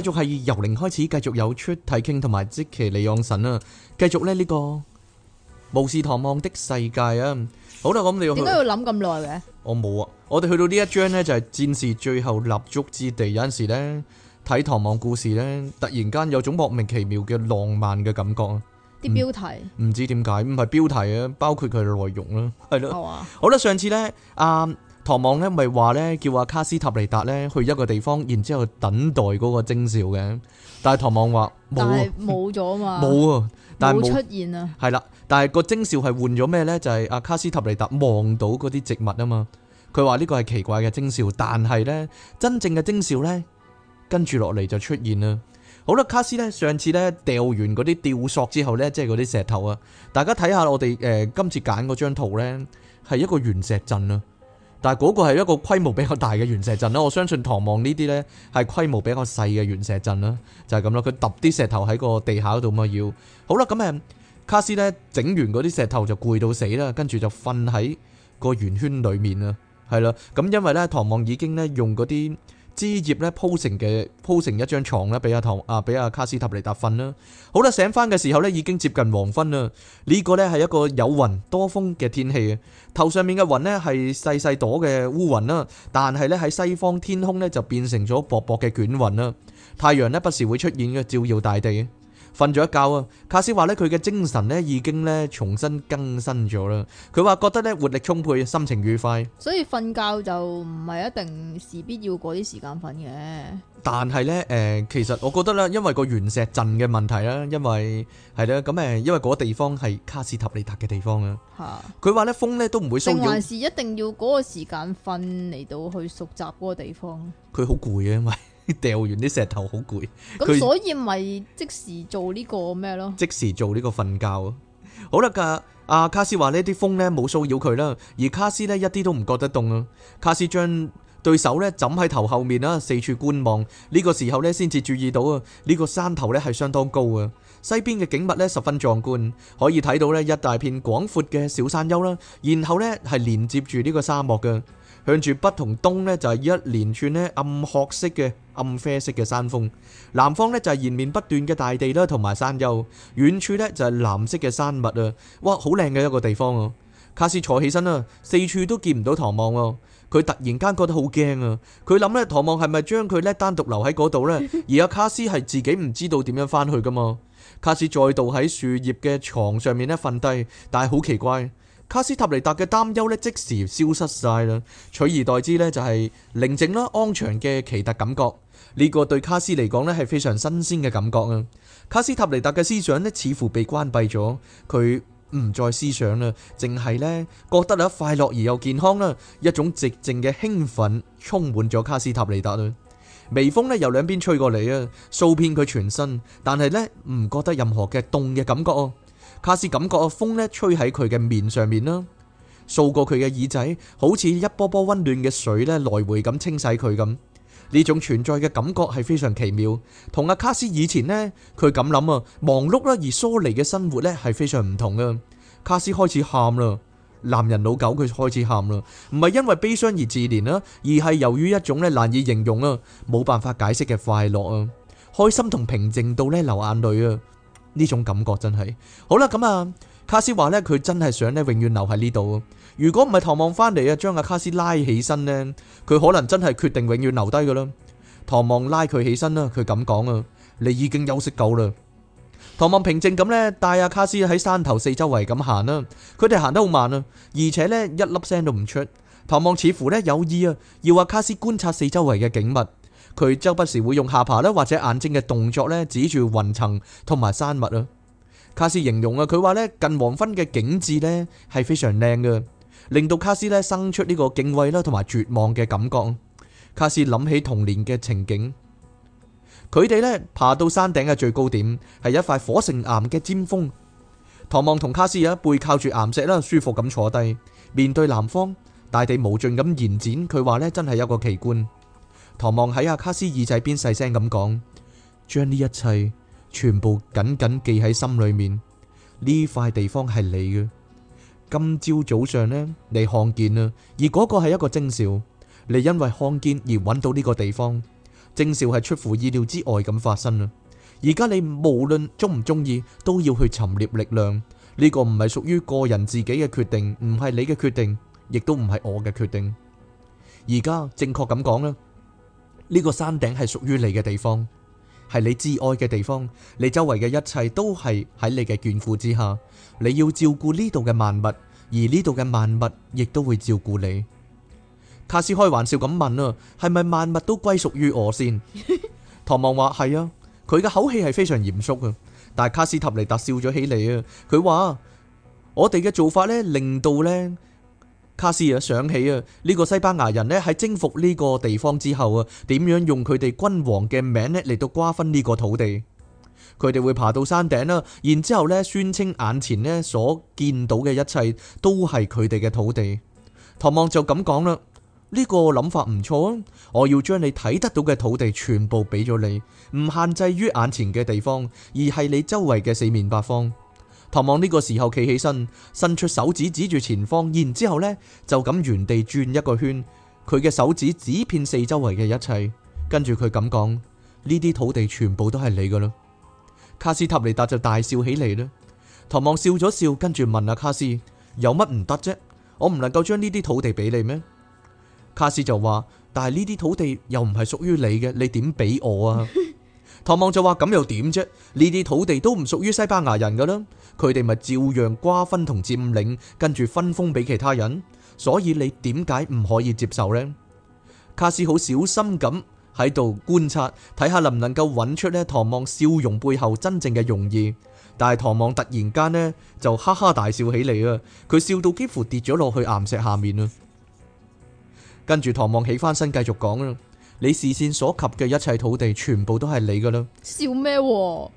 繼續係由零開始，繼續有出睇傾同埋即其利用神啊！繼續咧呢、這個巫士唐望的世界啊！好啦，咁你要點解要諗咁耐嘅？我冇啊！我哋去到呢一章呢，就係、是、戰士最後立足之地。有陣時咧睇唐望故事呢，突然間有種莫名其妙嘅浪漫嘅感覺、啊。啲標題唔、嗯、知點解，唔係標題啊，包括佢嘅內容啦、啊，係咯。哦啊、好啦，上次呢。啊、嗯。唐望咧咪話咧叫阿卡斯塔尼達咧去一個地方，然之後等待嗰個徵兆嘅。但係唐望話冇冇咗嘛冇啊 了，但係冇出現啊，係啦。但係個徵兆係換咗咩咧？就係、是、阿卡斯塔尼達望到嗰啲植物啊嘛。佢話呢個係奇怪嘅徵兆，但係咧真正嘅徵兆咧跟住落嚟就出現啦。好啦，卡斯咧上次咧掉完嗰啲吊索之後咧，即係嗰啲石頭啊。大家睇下我哋誒、呃、今次揀嗰張圖咧，係一個原石陣啊。但係嗰個係一個規模比較大嘅圓石陣啦，我相信唐望呢啲呢係規模比較細嘅圓石陣啦，就係咁咯。佢揼啲石頭喺個地下度嘛，要好啦。咁誒，卡斯呢整完嗰啲石頭就攰到死啦，跟住就瞓喺個圓圈裏面啦，係啦。咁因為呢，唐望已經呢用嗰啲。枝葉咧，鋪成嘅鋪成一張床啦，俾阿唐啊，俾阿卡斯塔尼達瞓啦。好啦，醒翻嘅時候咧，已經接近黃昏啦。呢個咧係一個有雲多風嘅天氣啊。頭上面嘅雲咧係細細朵嘅烏雲啦，但係咧喺西方天空咧就變成咗薄薄嘅卷雲啦。太陽咧不時會出現嘅照耀大地。瞓咗一覺啊，卡斯話咧佢嘅精神咧已經咧重新更新咗啦。佢話覺得咧活力充沛，心情愉快。所以瞓覺就唔係一定是必要嗰啲時間瞓嘅。但係咧，誒、呃，其實我覺得咧，因為個原石鎮嘅問題啦，因為係咧咁誒，因為嗰地方係卡斯塔尼達嘅地方啊。吓。佢話咧風咧都唔會需要。定還是一定要嗰個時間瞓嚟到去熟習嗰個地方。佢好攰啊，因為。掉 完啲石頭好攰，咁所以咪即時做呢個咩咯？即時做呢個瞓覺。好啦，噶、啊、阿卡斯話呢啲風呢冇騷擾佢啦，而卡斯呢一啲都唔覺得凍啊。卡斯將對手呢枕喺頭後面啦，四處觀望。呢個時候呢先至注意到啊，呢個山頭呢係相當高啊。西邊嘅景物呢十分壯觀，可以睇到呢一大片廣闊嘅小山丘啦，然後呢係連接住呢個沙漠嘅。向住北同東呢，就係一連串咧暗褐色嘅暗啡色嘅山峰；南方呢，就係延綿不斷嘅大地啦，同埋山丘。遠處呢，就係藍色嘅山脈啊！哇，好靚嘅一個地方啊！卡斯坐起身啊，四處都見唔到唐望哦。佢突然間覺得好驚啊！佢諗呢，唐望係咪將佢咧單獨留喺嗰度呢？而阿卡斯係自己唔知道點樣返去噶嘛？卡斯再度喺樹葉嘅床上面咧瞓低，但係好奇怪。卡斯塔尼達嘅擔憂咧即時消失晒啦，取而代之咧就係寧靜啦、安詳嘅奇特感覺。呢個對卡斯嚟講咧係非常新鮮嘅感覺啊！卡斯塔尼達嘅思想呢，似乎被關閉咗，佢唔再思想啦，淨係咧覺得咧快樂而又健康啦，一種寂靜嘅興奮充滿咗卡斯塔尼達啦。微風呢，由兩邊吹過嚟啊，掃遍佢全身，但係咧唔覺得任何嘅凍嘅感覺哦。卡斯感覺啊風咧吹喺佢嘅面上面啦，掃過佢嘅耳仔，好似一波波溫暖嘅水咧來回咁清洗佢咁，呢種存在嘅感覺係非常奇妙，同阿卡斯以前呢，佢咁諗啊忙碌啦而疏離嘅生活咧係非常唔同啊！卡斯開始喊啦，男人老狗佢開始喊啦，唔係因為悲傷而自憐啦，而係由於一種咧難以形容啊，冇辦法解釋嘅快樂啊，開心同平靜到咧流眼淚啊！呢種感覺真係好啦，咁啊，卡斯話呢，佢真係想咧永遠留喺呢度啊。如果唔係唐望翻嚟啊，將阿卡斯拉起身呢，佢可能真係決定永遠留低㗎啦。唐望拉佢起身啦，佢咁講啊，你已經休息夠啦。唐望平靜咁呢，帶阿卡斯喺山頭四周圍咁行啦，佢哋行得好慢啊，而且呢，一粒聲都唔出。唐望似乎呢有意啊，要阿卡斯觀察四周圍嘅景物。佢周不時會用下巴咧，或者眼睛嘅動作咧，指住雲層同埋山脈咯。卡斯形容啊，佢話咧，近黃昏嘅景致咧係非常靚嘅，令到卡斯咧生出呢個敬畏啦同埋絕望嘅感覺。卡斯諗起童年嘅情景，佢哋咧爬到山頂嘅最高點，係一塊火成岩嘅尖峰。唐望同卡斯啊背靠住岩石啦，舒服咁坐低，面對南方，大地無盡咁延展。佢話咧真係有個奇觀。唐望喺阿卡斯耳仔邊細聲咁講，將呢一切全部緊緊記喺心裏面，呢塊地方係你嘅。今朝早上呢，你看見啦，而嗰個係一個徵兆，你因為看見而搵到呢個地方。徵兆係出乎意料之外咁發生啦。而家你無論中唔中意，都要去尋獵力量，呢個唔係屬於個人自己嘅決定，唔係你嘅決定，亦都唔係我嘅決定。而家正確咁講啦。呢個山頂係屬於你嘅地方，係你至愛嘅地方。你周圍嘅一切都係喺你嘅眷顧之下，你要照顧呢度嘅萬物，而呢度嘅萬物亦都會照顧你。卡斯開玩笑咁問啊，係咪萬物都歸屬於我先？唐望話係啊，佢嘅口氣係非常嚴肅啊。但係卡斯塔尼達笑咗起嚟啊，佢話我哋嘅做法呢，令到呢。」卡斯啊，想起啊，呢、這個西班牙人咧喺征服呢個地方之後啊，點樣用佢哋君王嘅名咧嚟到瓜分呢個土地？佢哋會爬到山頂啦，然之後咧宣稱眼前咧所見到嘅一切都係佢哋嘅土地。唐望就咁講啦，呢、這個諗法唔錯啊，我要將你睇得到嘅土地全部俾咗你，唔限制於眼前嘅地方，而係你周圍嘅四面八方。唐望呢個時候企起身，伸出手指指住前方，然之後呢就咁原地轉一個圈，佢嘅手指指遍四周圍嘅一切，跟住佢咁講：呢啲土地全部都係你噶啦。卡斯塔尼達就大笑起嚟啦。唐望笑咗笑，跟住問阿、啊、卡斯：有乜唔得啫？我唔能夠將呢啲土地俾你咩？卡斯就話：但係呢啲土地又唔係屬於你嘅，你點俾我啊？唐 望就話：咁又點啫？呢啲土地都唔屬於西班牙人噶啦。佢哋咪照樣瓜分同佔領，跟住分封俾其他人，所以你點解唔可以接受呢？卡斯好小心咁喺度觀察，睇下能唔能夠揾出呢唐望笑容背後真正嘅用意。但係唐望突然間呢，就哈哈大笑起嚟啊！佢笑到幾乎跌咗落去岩石下面啊！跟住唐望起返身繼續講啦，你視線所及嘅一切土地，全部都係你噶啦！笑咩啊？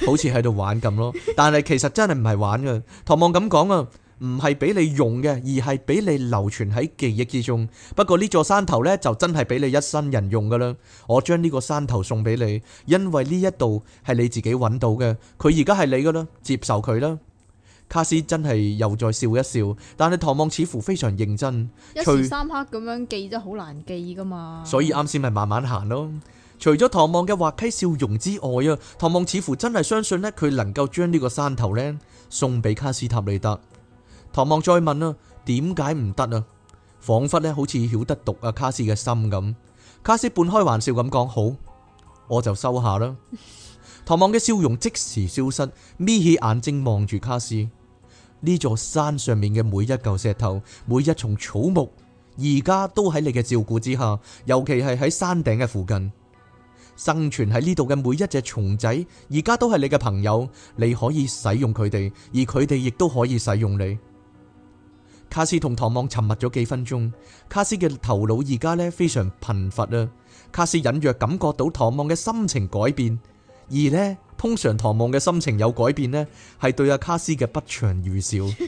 好似喺度玩咁咯，但係其實真係唔係玩嘅。唐望咁講啊，唔係俾你用嘅，而係俾你流傳喺記憶之中。不過呢座山頭呢，就真係俾你一生人用噶啦。我將呢個山頭送俾你，因為呢一度係你自己揾到嘅，佢而家係你噶啦，接受佢啦。卡斯真係又再笑一笑，但係唐望似乎非常認真，一時三刻咁樣記都好難記噶嘛。 所以啱先咪慢慢行咯。除咗唐望嘅滑稽笑容之外啊，唐望似乎真係相信呢，佢能夠將呢個山頭呢，送俾卡斯塔利特。唐望再問啊，點解唔得啊？仿佛呢好似曉得讀啊卡斯嘅心咁。卡斯半開玩笑咁講：好，我就收下啦。唐 望嘅笑容即時消失，眯起眼睛望住卡斯。呢座山上面嘅每一嚿石頭，每一叢草木，而家都喺你嘅照顧之下，尤其係喺山頂嘅附近。生存喺呢度嘅每一隻蟲仔，而家都係你嘅朋友，你可以使用佢哋，而佢哋亦都可以使用你。卡斯同唐望沉默咗幾分鐘，卡斯嘅頭腦而家呢非常貧乏啊！卡斯隱約感覺到唐望嘅心情改變，而呢，通常唐望嘅心情有改變呢，係對阿卡斯嘅不祥預兆，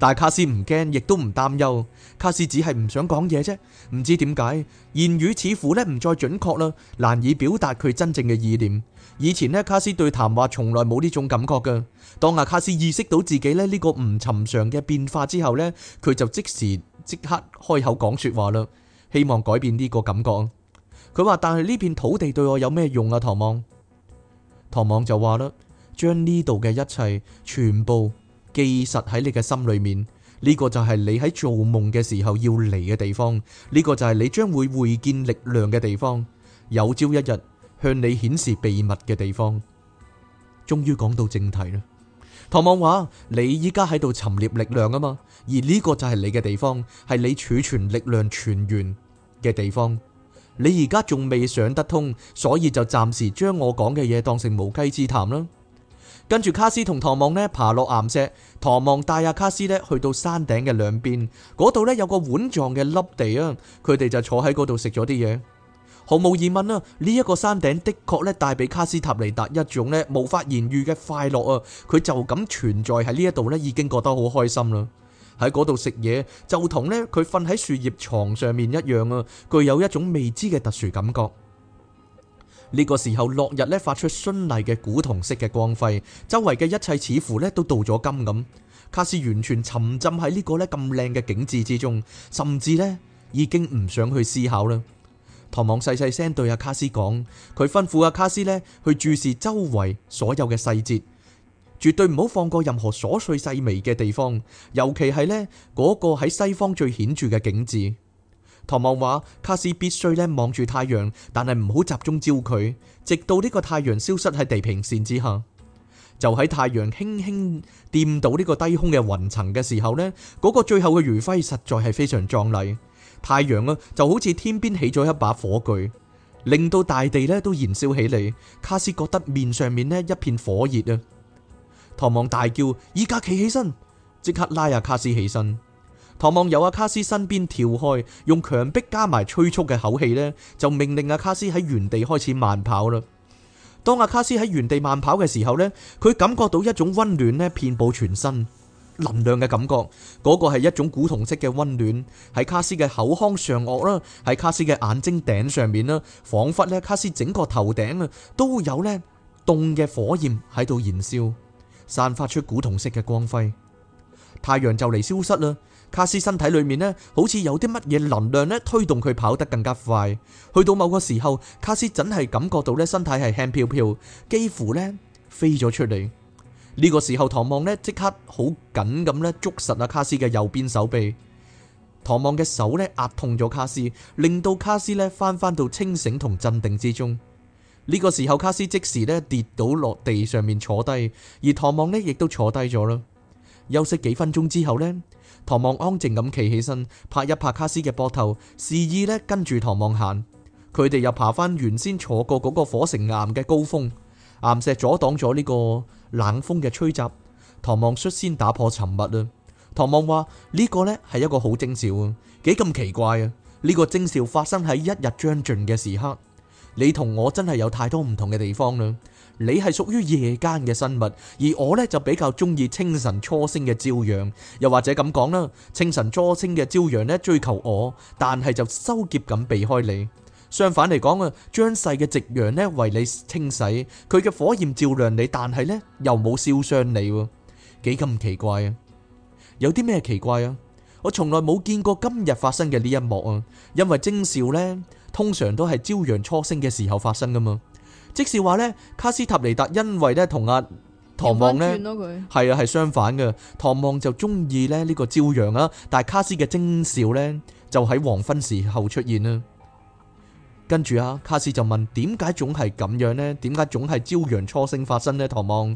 但卡斯唔驚，亦都唔擔憂。卡斯只係唔想講嘢啫，唔知點解言語似乎咧唔再準確啦，難以表達佢真正嘅意念。以前呢，卡斯對談話從來冇呢種感覺噶。當阿卡斯意識到自己咧呢個唔尋常嘅變化之後呢，佢就即時即刻開口講說話啦，希望改變呢個感覺。佢話，但係呢片土地對我有咩用啊？唐望，唐望就話啦，將呢度嘅一切全部記實喺你嘅心裏面。呢個就係你喺做夢嘅時候要嚟嘅地方，呢個就係你將會會見力量嘅地方，有朝一日向你顯示秘密嘅地方。終於講到正題啦，唐望話你依家喺度尋獵力量啊嘛，而呢個就係你嘅地方，係你儲存力量泉源嘅地方。你而家仲未想得通，所以就暫時將我講嘅嘢當成無稽之談啦。跟住卡斯同唐望呢爬落岩石。唐望帶阿卡斯呢去到山頂嘅兩邊，嗰度呢有個碗狀嘅凹地啊。佢哋就坐喺嗰度食咗啲嘢。毫無疑問啊，呢、這、一個山頂的確呢帶俾卡斯塔尼達一種呢無法言喻嘅快樂啊。佢就咁存在喺呢一度呢已經覺得好開心啦。喺嗰度食嘢就同呢佢瞓喺樹葉床上面一樣啊，具有一種未知嘅特殊感覺。呢個時候，落日咧，發出絢麗嘅古銅色嘅光輝，周圍嘅一切似乎咧都鍍咗金咁。卡斯完全沉浸喺呢個咧咁靚嘅景致之中，甚至咧已經唔想去思考啦。唐望細細聲對阿卡斯講，佢吩咐阿卡斯咧去注視周圍所有嘅細節，絕對唔好放過任何瑣碎細微嘅地方，尤其係呢嗰個喺西方最顯著嘅景致。唐望話：卡斯必須咧望住太陽，但係唔好集中焦佢，直到呢個太陽消失喺地平線之下。就喺太陽輕輕掂到呢個低空嘅雲層嘅時候呢嗰、嗰個，最後嘅餘暉實在係非常壯麗。太陽啊，就好似天邊起咗一把火炬，令到大地咧都燃燒起嚟。卡斯覺得面上面咧一片火熱啊！唐望大叫：依家企起身！即刻拉阿卡斯起身。唐望由阿卡斯身邊跳開，用強迫加埋催促嘅口氣呢，就命令阿、啊、卡斯喺原地開始慢跑啦。當阿、啊、卡斯喺原地慢跑嘅時候呢，佢感覺到一種溫暖呢遍布全身能量嘅感覺。嗰、那個係一種古銅色嘅溫暖喺卡斯嘅口腔上顎啦，喺卡斯嘅眼睛頂上面啦，仿佛呢卡斯整個頭頂啊都有呢凍嘅火焰喺度燃燒，散發出古銅色嘅光輝。太陽就嚟消失啦。卡斯身體裏面呢，好似有啲乜嘢能量呢，推動佢跑得更加快。去到某個時候，卡斯真係感覺到呢，身體係輕飄飄，幾乎呢飛咗出嚟。呢個時候，唐望呢即刻好緊咁呢捉實阿卡斯嘅右邊手臂。唐望嘅手呢壓痛咗卡斯，令到卡斯呢翻返到清醒同鎮定之中。呢個時候，卡斯即時呢跌倒落地上面坐低，而唐望呢亦都坐低咗啦。休息幾分鐘之後呢，唐望安靜咁企起身，拍一拍卡斯嘅膊頭，示意咧跟住唐望行。佢哋又爬翻原先坐過嗰個火成岩嘅高峰，岩石阻擋咗呢個冷風嘅吹襲。唐望率先打破沉默啦。唐望話：呢個咧係一個好徵兆啊，幾咁奇怪啊！呢個徵兆發生喺一日將盡嘅時刻，你同我真係有太多唔同嘅地方啦。你係屬於夜間嘅生物，而我呢就比較中意清晨初升嘅朝陽，又或者咁講啦，清晨初升嘅朝陽呢追求我，但係就羞澀咁避開你。相反嚟講啊，將細嘅夕陽呢為你清洗，佢嘅火焰照亮你，但係呢又冇燒傷你，幾咁奇怪啊！有啲咩奇怪啊？我從來冇見過今日發生嘅呢一幕啊，因為徵兆呢通常都係朝陽初升嘅時候發生噶嘛。即是話呢，卡斯塔尼達因為呢同阿唐望呢係啊係相反嘅，唐望就中意呢呢個朝陽啊，但係卡斯嘅徵兆呢就喺黃昏時候出現啦。跟住啊，卡斯就問：點解總係咁樣呢？點解總係朝陽初升發生呢？唐望，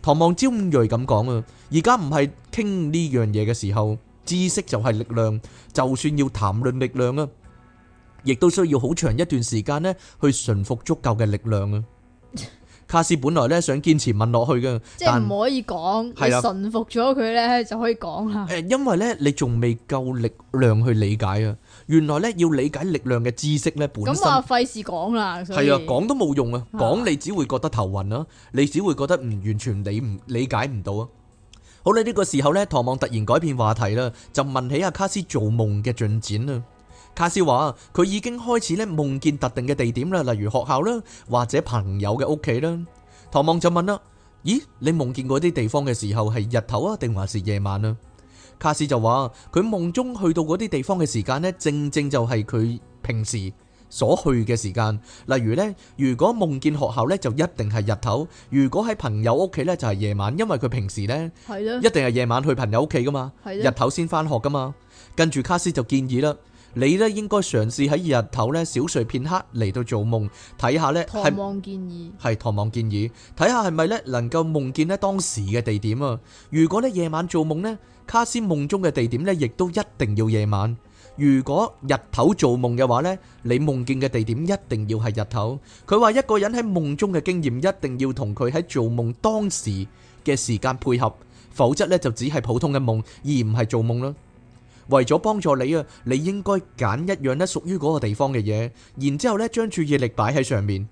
唐望尖銳咁講啊！而家唔係傾呢樣嘢嘅時候，知識就係力量，就算要談論力量啊！亦都需要好長一段時間咧，去馴服足夠嘅力量啊！卡斯本來咧想堅持問落去嘅，即係唔可以講，係馴服咗佢咧就可以講啦。誒，因為咧你仲未夠力量去理解啊！原來咧要理解力量嘅知識咧本身咁我話費事講啦，係啊，講都冇用啊，講你只會覺得頭暈啦，你只會覺得唔完全理唔理解唔到啊！好啦，呢個時候咧，唐望突然改變話題啦，就問起阿卡斯做夢嘅進展啦。卡斯話：佢已經開始咧夢見特定嘅地點啦，例如學校啦，或者朋友嘅屋企啦。唐望就問啦：咦，你夢見嗰啲地方嘅時候係日頭啊，定還是夜晚啊？卡斯就話：佢夢中去到嗰啲地方嘅時間呢，正正就係佢平時所去嘅時間。例如呢，如果夢見學校呢，就一定係日頭；如果喺朋友屋企呢，就係、是、夜晚，因為佢平時呢，的一定係夜晚去朋友屋企噶嘛，的日頭先返學噶嘛。跟住卡斯就建議啦。你咧應該嘗試喺日頭咧小睡片刻嚟到做夢，睇下咧係唐望建議係唐望建議，睇下係咪咧能夠夢見咧當時嘅地點啊！如果咧夜晚做夢咧，卡斯夢中嘅地點咧亦都一定要夜晚。如果日頭做夢嘅話咧，你夢見嘅地點一定要係日頭。佢話一個人喺夢中嘅經驗一定要同佢喺做夢當時嘅時間配合，否則咧就只係普通嘅夢而唔係做夢啦。為咗幫助你啊，你應該揀一樣咧屬於嗰個地方嘅嘢，然之後咧將注意力擺喺上面。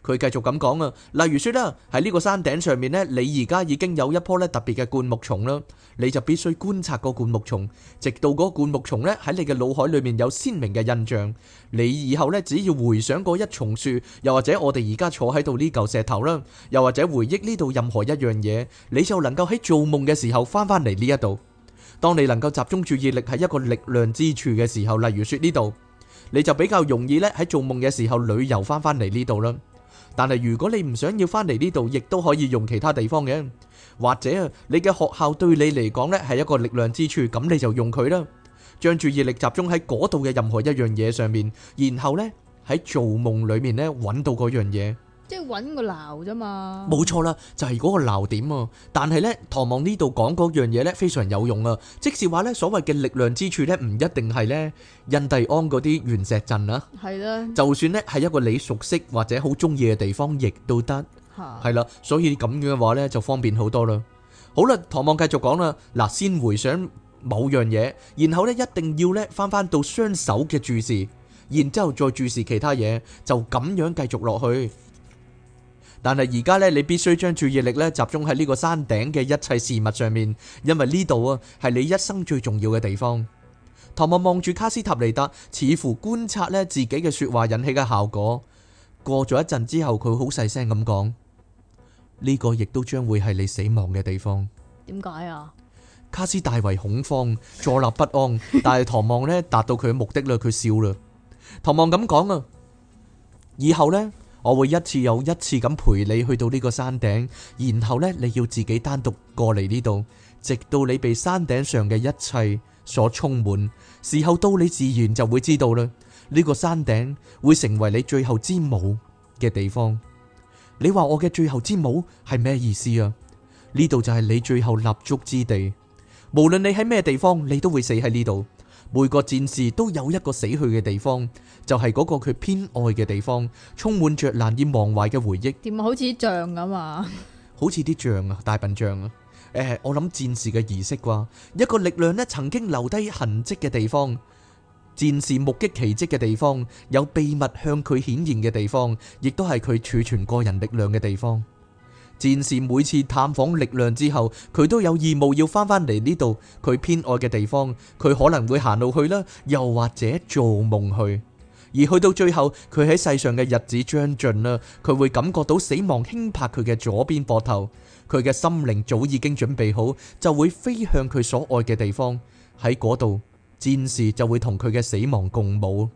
佢繼續咁講啊，例如說啦，喺呢個山頂上面咧，你而家已經有一棵咧特別嘅灌木叢啦，你就必須觀察灌個灌木叢，直到嗰灌木叢咧喺你嘅腦海裏面有鮮明嘅印象。你以後咧只要回想嗰一叢樹，又或者我哋而家坐喺度呢嚿石頭啦，又或者回憶呢度任何一樣嘢，你就能夠喺做夢嘅時候翻返嚟呢一度。當你能夠集中注意力喺一個力量之處嘅時候，例如說呢度，你就比較容易咧喺做夢嘅時候旅遊翻翻嚟呢度啦。但係如果你唔想要翻嚟呢度，亦都可以用其他地方嘅，或者啊，你嘅學校對你嚟講咧係一個力量之處，咁你就用佢啦，將注意力集中喺嗰度嘅任何一樣嘢上面，然後咧喺做夢裏面咧搵到嗰樣嘢。即係揾個鬧啫嘛，冇錯啦，就係嗰個鬧點啊。但係咧，唐望呢度講嗰樣嘢咧，非常有用啊。即是話咧，所謂嘅力量之處咧，唔一定係咧印第安嗰啲原石陣啦，係啦，就算咧係一個你熟悉或者好中意嘅地方，亦都得係啦。所以咁樣嘅話咧，就方便好多啦。好啦，唐望繼續講啦。嗱，先回想某樣嘢，然後咧一定要咧翻翻到雙手嘅注視，然之後再注視其他嘢，就咁樣繼續落去。但係而家呢，你必須將注意力呢集中喺呢個山頂嘅一切事物上面，因為呢度啊係你一生最重要嘅地方。唐望望住卡斯塔尼達，似乎觀察呢自己嘅說話引起嘅效果。過咗一陣之後，佢好細聲咁講：呢個亦都將會係你死亡嘅地方。點解啊？卡斯大為恐慌，坐立不安。 但係唐望呢達到佢嘅目的啦，佢笑啦。唐望咁講啊，以後呢。」我會一次又一次咁陪你去到呢個山頂，然後呢，你要自己單獨過嚟呢度，直到你被山頂上嘅一切所充滿，時候到你自然就會知道啦。呢個山頂會成為你最後之母嘅地方。你話我嘅最後之母係咩意思啊？呢度就係你最後立足之地，無論你喺咩地方，你都會死喺呢度。每個戰士都有一個死去嘅地方，就係嗰個佢偏愛嘅地方，充滿着難以忘懷嘅回憶。點好似像咁啊？好似啲象啊，大笨象啊！誒，我諗戰士嘅儀式啩，一個力量咧曾經留低痕跡嘅地方，戰士目擊奇跡嘅地方，有秘密向佢顯現嘅地方，亦都係佢儲存個人力量嘅地方。戰士每次探訪力量之後，佢都有義務要翻返嚟，呢度佢偏愛嘅地方。佢可能會行路去啦，又或者做夢去。而去到最後，佢喺世上嘅日子將盡啦，佢會感覺到死亡輕拍佢嘅左邊膊頭。佢嘅心靈早已經準備好，就會飛向佢所愛嘅地方。喺嗰度，戰士就會同佢嘅死亡共舞。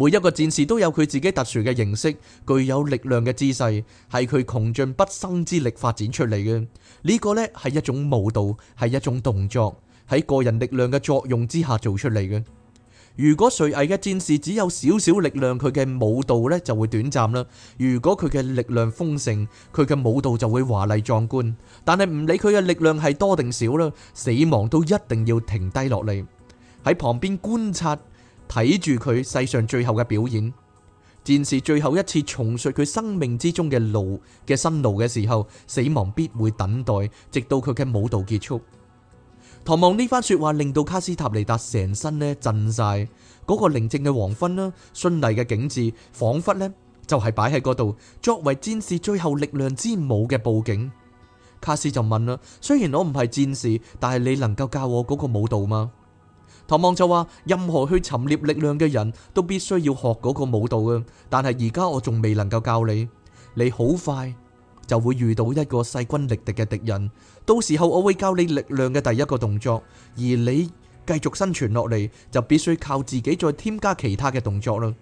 每一個戰士都有佢自己特殊嘅形式，具有力量嘅姿勢，係佢窮盡畢生之力發展出嚟嘅。呢個呢係一種舞蹈，係一種動作，喺個人力量嘅作用之下做出嚟嘅。如果垂危嘅戰士只有少少力量，佢嘅舞蹈呢就會短暫啦。如果佢嘅力量豐盛，佢嘅舞蹈就會華麗壯觀。但係唔理佢嘅力量係多定少啦，死亡都一定要停低落嚟，喺旁邊觀察。睇住佢世上最後嘅表演，戰士最後一次重述佢生命之中嘅路嘅新路嘅時候，死亡必會等待，直到佢嘅舞蹈結束。唐望呢番說話令到卡斯塔尼達成身咧震晒，嗰個寧靜嘅黃昏啦，絢麗嘅景致，仿佛呢就係擺喺嗰度作為戰士最後力量之舞嘅布景。卡斯就問啦：雖然我唔係戰士，但係你能夠教我嗰個舞蹈嗎？唐望就話：任何去尋獵力量嘅人都必須要學嗰個舞蹈嘅，但係而家我仲未能夠教你，你好快就會遇到一個勢均力敵嘅敵人，到時候我會教你力量嘅第一個動作，而你繼續生存落嚟，就必須靠自己再添加其他嘅動作啦。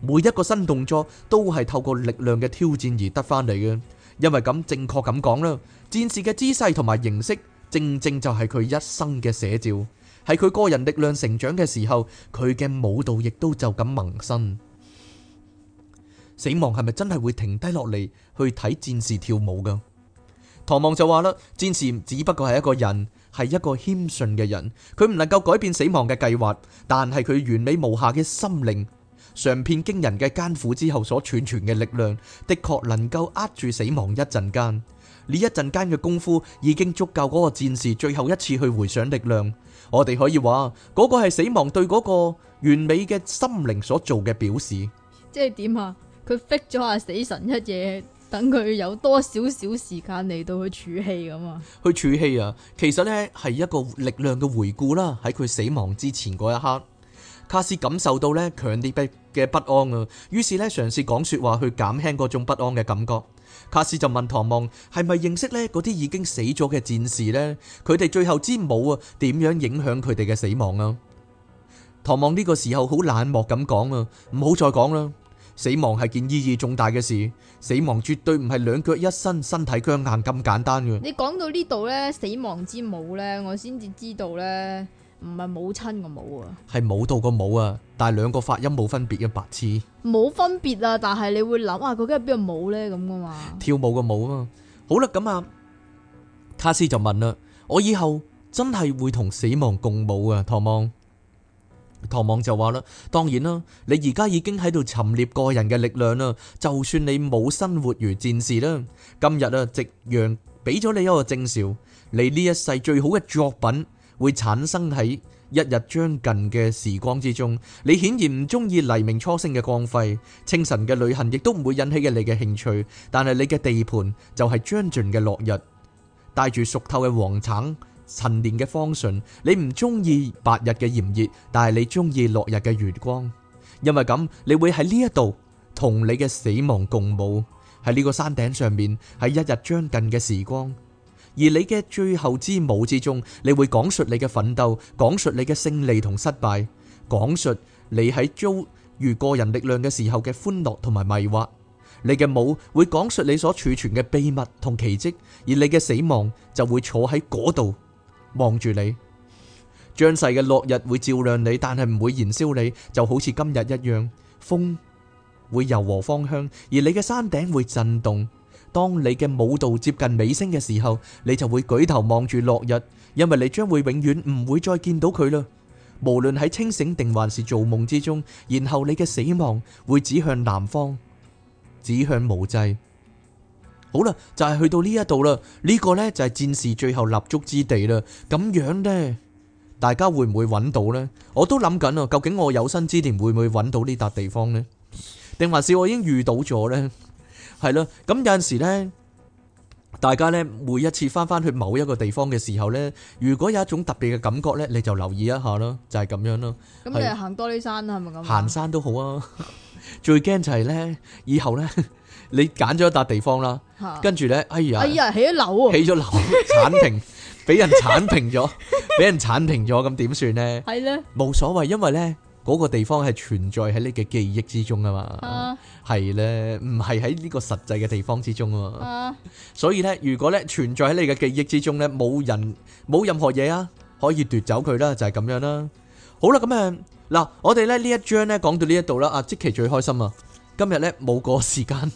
每一個新動作都係透過力量嘅挑戰而得翻嚟嘅，因為咁正確咁講啦，戰士嘅姿勢同埋形式正正就係佢一生嘅寫照。喺佢個人力量成長嘅時候，佢嘅舞蹈亦都就咁萌生。死亡係咪真係會停低落嚟去睇戰士跳舞噶？唐望就話啦，戰士只不過係一個人，係一個謙遜嘅人，佢唔能夠改變死亡嘅計劃，但係佢完美無瑕嘅心靈，上片驚人嘅艱苦之後所儲存嘅力量，的確能夠扼住死亡一陣間。呢一陣間嘅功夫已經足夠嗰個戰士最後一次去回想力量。我哋可以話嗰個係死亡對嗰個完美嘅心靈所做嘅表示。即係點啊？佢逼咗下死神一夜，等佢有多少少時間嚟到去儲氣噶嘛？去儲氣啊！其實呢係一個力量嘅回顧啦。喺佢死亡之前嗰一刻，卡斯感受到呢強烈嘅嘅不安啊，於是呢嘗試講說話去減輕嗰種不安嘅感覺。卡斯就問唐望係咪認識呢嗰啲已經死咗嘅戰士呢？佢哋最後之舞啊，點樣影響佢哋嘅死亡啊？唐望呢個時候好冷漠咁講啊，唔好再講啦！死亡係件意義重大嘅事，死亡絕對唔係兩腳一伸，身體僵硬咁簡單嘅。你講到呢度呢，死亡之舞呢，我先至知道呢。唔係母親個母啊，係舞蹈個舞啊，但係兩個發音冇分別嘅白痴，冇分別啊，但係你會諗下，佢跟住邊個舞咧咁噶嘛？跳舞個舞啊。好啦，咁啊，卡斯就問啦，我以後真係會同死亡共舞啊，唐望？唐望就話啦，當然啦，你而家已經喺度尋獵個人嘅力量啦，就算你冇生活如戰士啦，今日啊，夕陽俾咗你一個徵兆，你呢一世最好嘅作品。會產生喺一日將近嘅時光之中，你顯然唔中意黎明初升嘅光輝，清晨嘅旅行亦都唔會引起嘅你嘅興趣。但係你嘅地盤就係將近嘅落日，帶住熟透嘅黃橙、陳年嘅芳醇。你唔中意白日嘅炎熱，但係你中意落日嘅月光，因為咁你會喺呢一度同你嘅死亡共舞，喺呢個山頂上面，喺一日將近嘅時光。而你嘅最後之舞之中，你會講述你嘅奮鬥，講述你嘅勝利同失敗，講述你喺遭遇個人力量嘅時候嘅歡樂同埋迷惑。你嘅舞會講述你所儲存嘅秘密同奇蹟，而你嘅死亡就會坐喺嗰度望住你。將逝嘅落日會照亮你，但係唔會燃燒你，就好似今日一樣。風會柔和芳香，而你嘅山頂會震動。當你嘅舞蹈接近尾聲嘅時候，你就會舉頭望住落日，因為你將會永遠唔會再見到佢啦。無論喺清醒定還是做夢之中，然後你嘅死亡會指向南方，指向無際。好啦，就係去到呢一度啦，呢個呢就係戰士最後立足之地啦。咁樣呢，大家會唔會搵到呢？我都諗緊啊，究竟我有生之年會唔會搵到呢笪地方呢？定還是我已經遇到咗呢？係咯，咁有陣時咧，大家咧每一次翻翻去某一個地方嘅時候咧，如果有一種特別嘅感覺咧，你就留意一下咯，就係咁樣咯。咁你行多啲山啦，係咪咁？行山都好啊，最驚就係咧，以後咧你揀咗一笪地方啦，跟住咧，哎呀，哎呀，起咗樓啊，起咗樓，鏟平，俾人鏟平咗，俾人鏟平咗，咁點算咧？係咧，冇所謂，因為咧。嗰個地方係存在喺你嘅記憶之中啊嘛，係咧，唔係喺呢個實際嘅地方之中啊。所以咧，如果咧存在喺你嘅記憶之中咧，冇人冇任何嘢，啊，可以奪走佢啦，就係咁樣啦。好啦，咁啊嗱，我哋咧呢一章咧講到呢一度啦。阿即其最開心啊，今日咧冇個時間，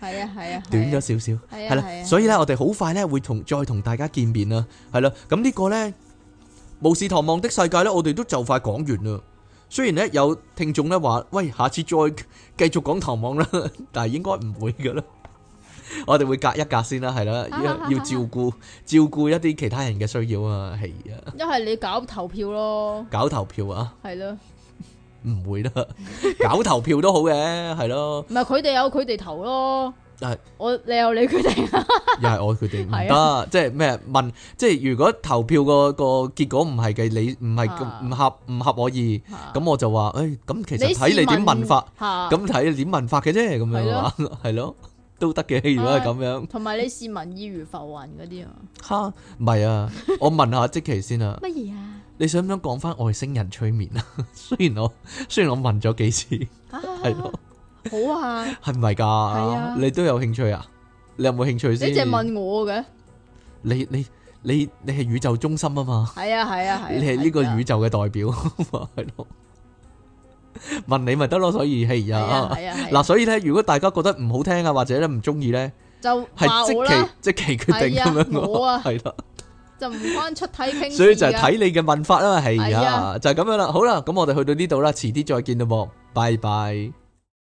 係啊係啊，短咗少少係啦，所以咧我哋好快咧會同再同大家見面啦。係啦，咁呢個咧《巫士唐望的世界》咧，我哋都就快講完啦。雖然咧有聽眾咧話，喂，下次再繼續講唐望啦，但係應該唔會噶啦， 我哋會隔一隔先啦，係啦， 要照顧照顧一啲其他人嘅需要啊，係啊，一係你搞投票咯，搞投票啊，係咯，唔會啦，搞投票都好嘅，係咯，唔係佢哋有佢哋投咯。誒，一嗯、我你又你決定，又係我決定。唔得、啊，即係咩？問即係如果投票個個結果唔係嘅，你唔係唔合唔合我意，咁、啊、我就話誒，咁、欸、其實睇你點問法，咁睇你點問、啊、問法嘅啫，咁樣係咯，係咯、啊，都得嘅。如果係咁樣，同埋、啊、你視民意如浮雲嗰啲啊？吓，唔係啊，我問下 即奇先啊。乜嘢啊？你想唔想講翻外星人催眠啊？雖然我雖然我，雖然我問咗幾次，係咯。一啊好啊，係咪噶？你都有興趣啊？你有冇興趣先？你淨係問我嘅？你你你你係宇宙中心啊嘛？係啊係啊係。你係呢個宇宙嘅代表，係咯？問你咪得咯，所以係啊。嗱，所以咧，如果大家覺得唔好聽啊，或者咧唔中意咧，就係即期即期決定咁樣。我係咯，就唔關出體傾。所以就係睇你嘅問法啦，係啊，就係咁樣啦。好啦，咁我哋去到呢度啦，遲啲再見啦，啵，拜拜。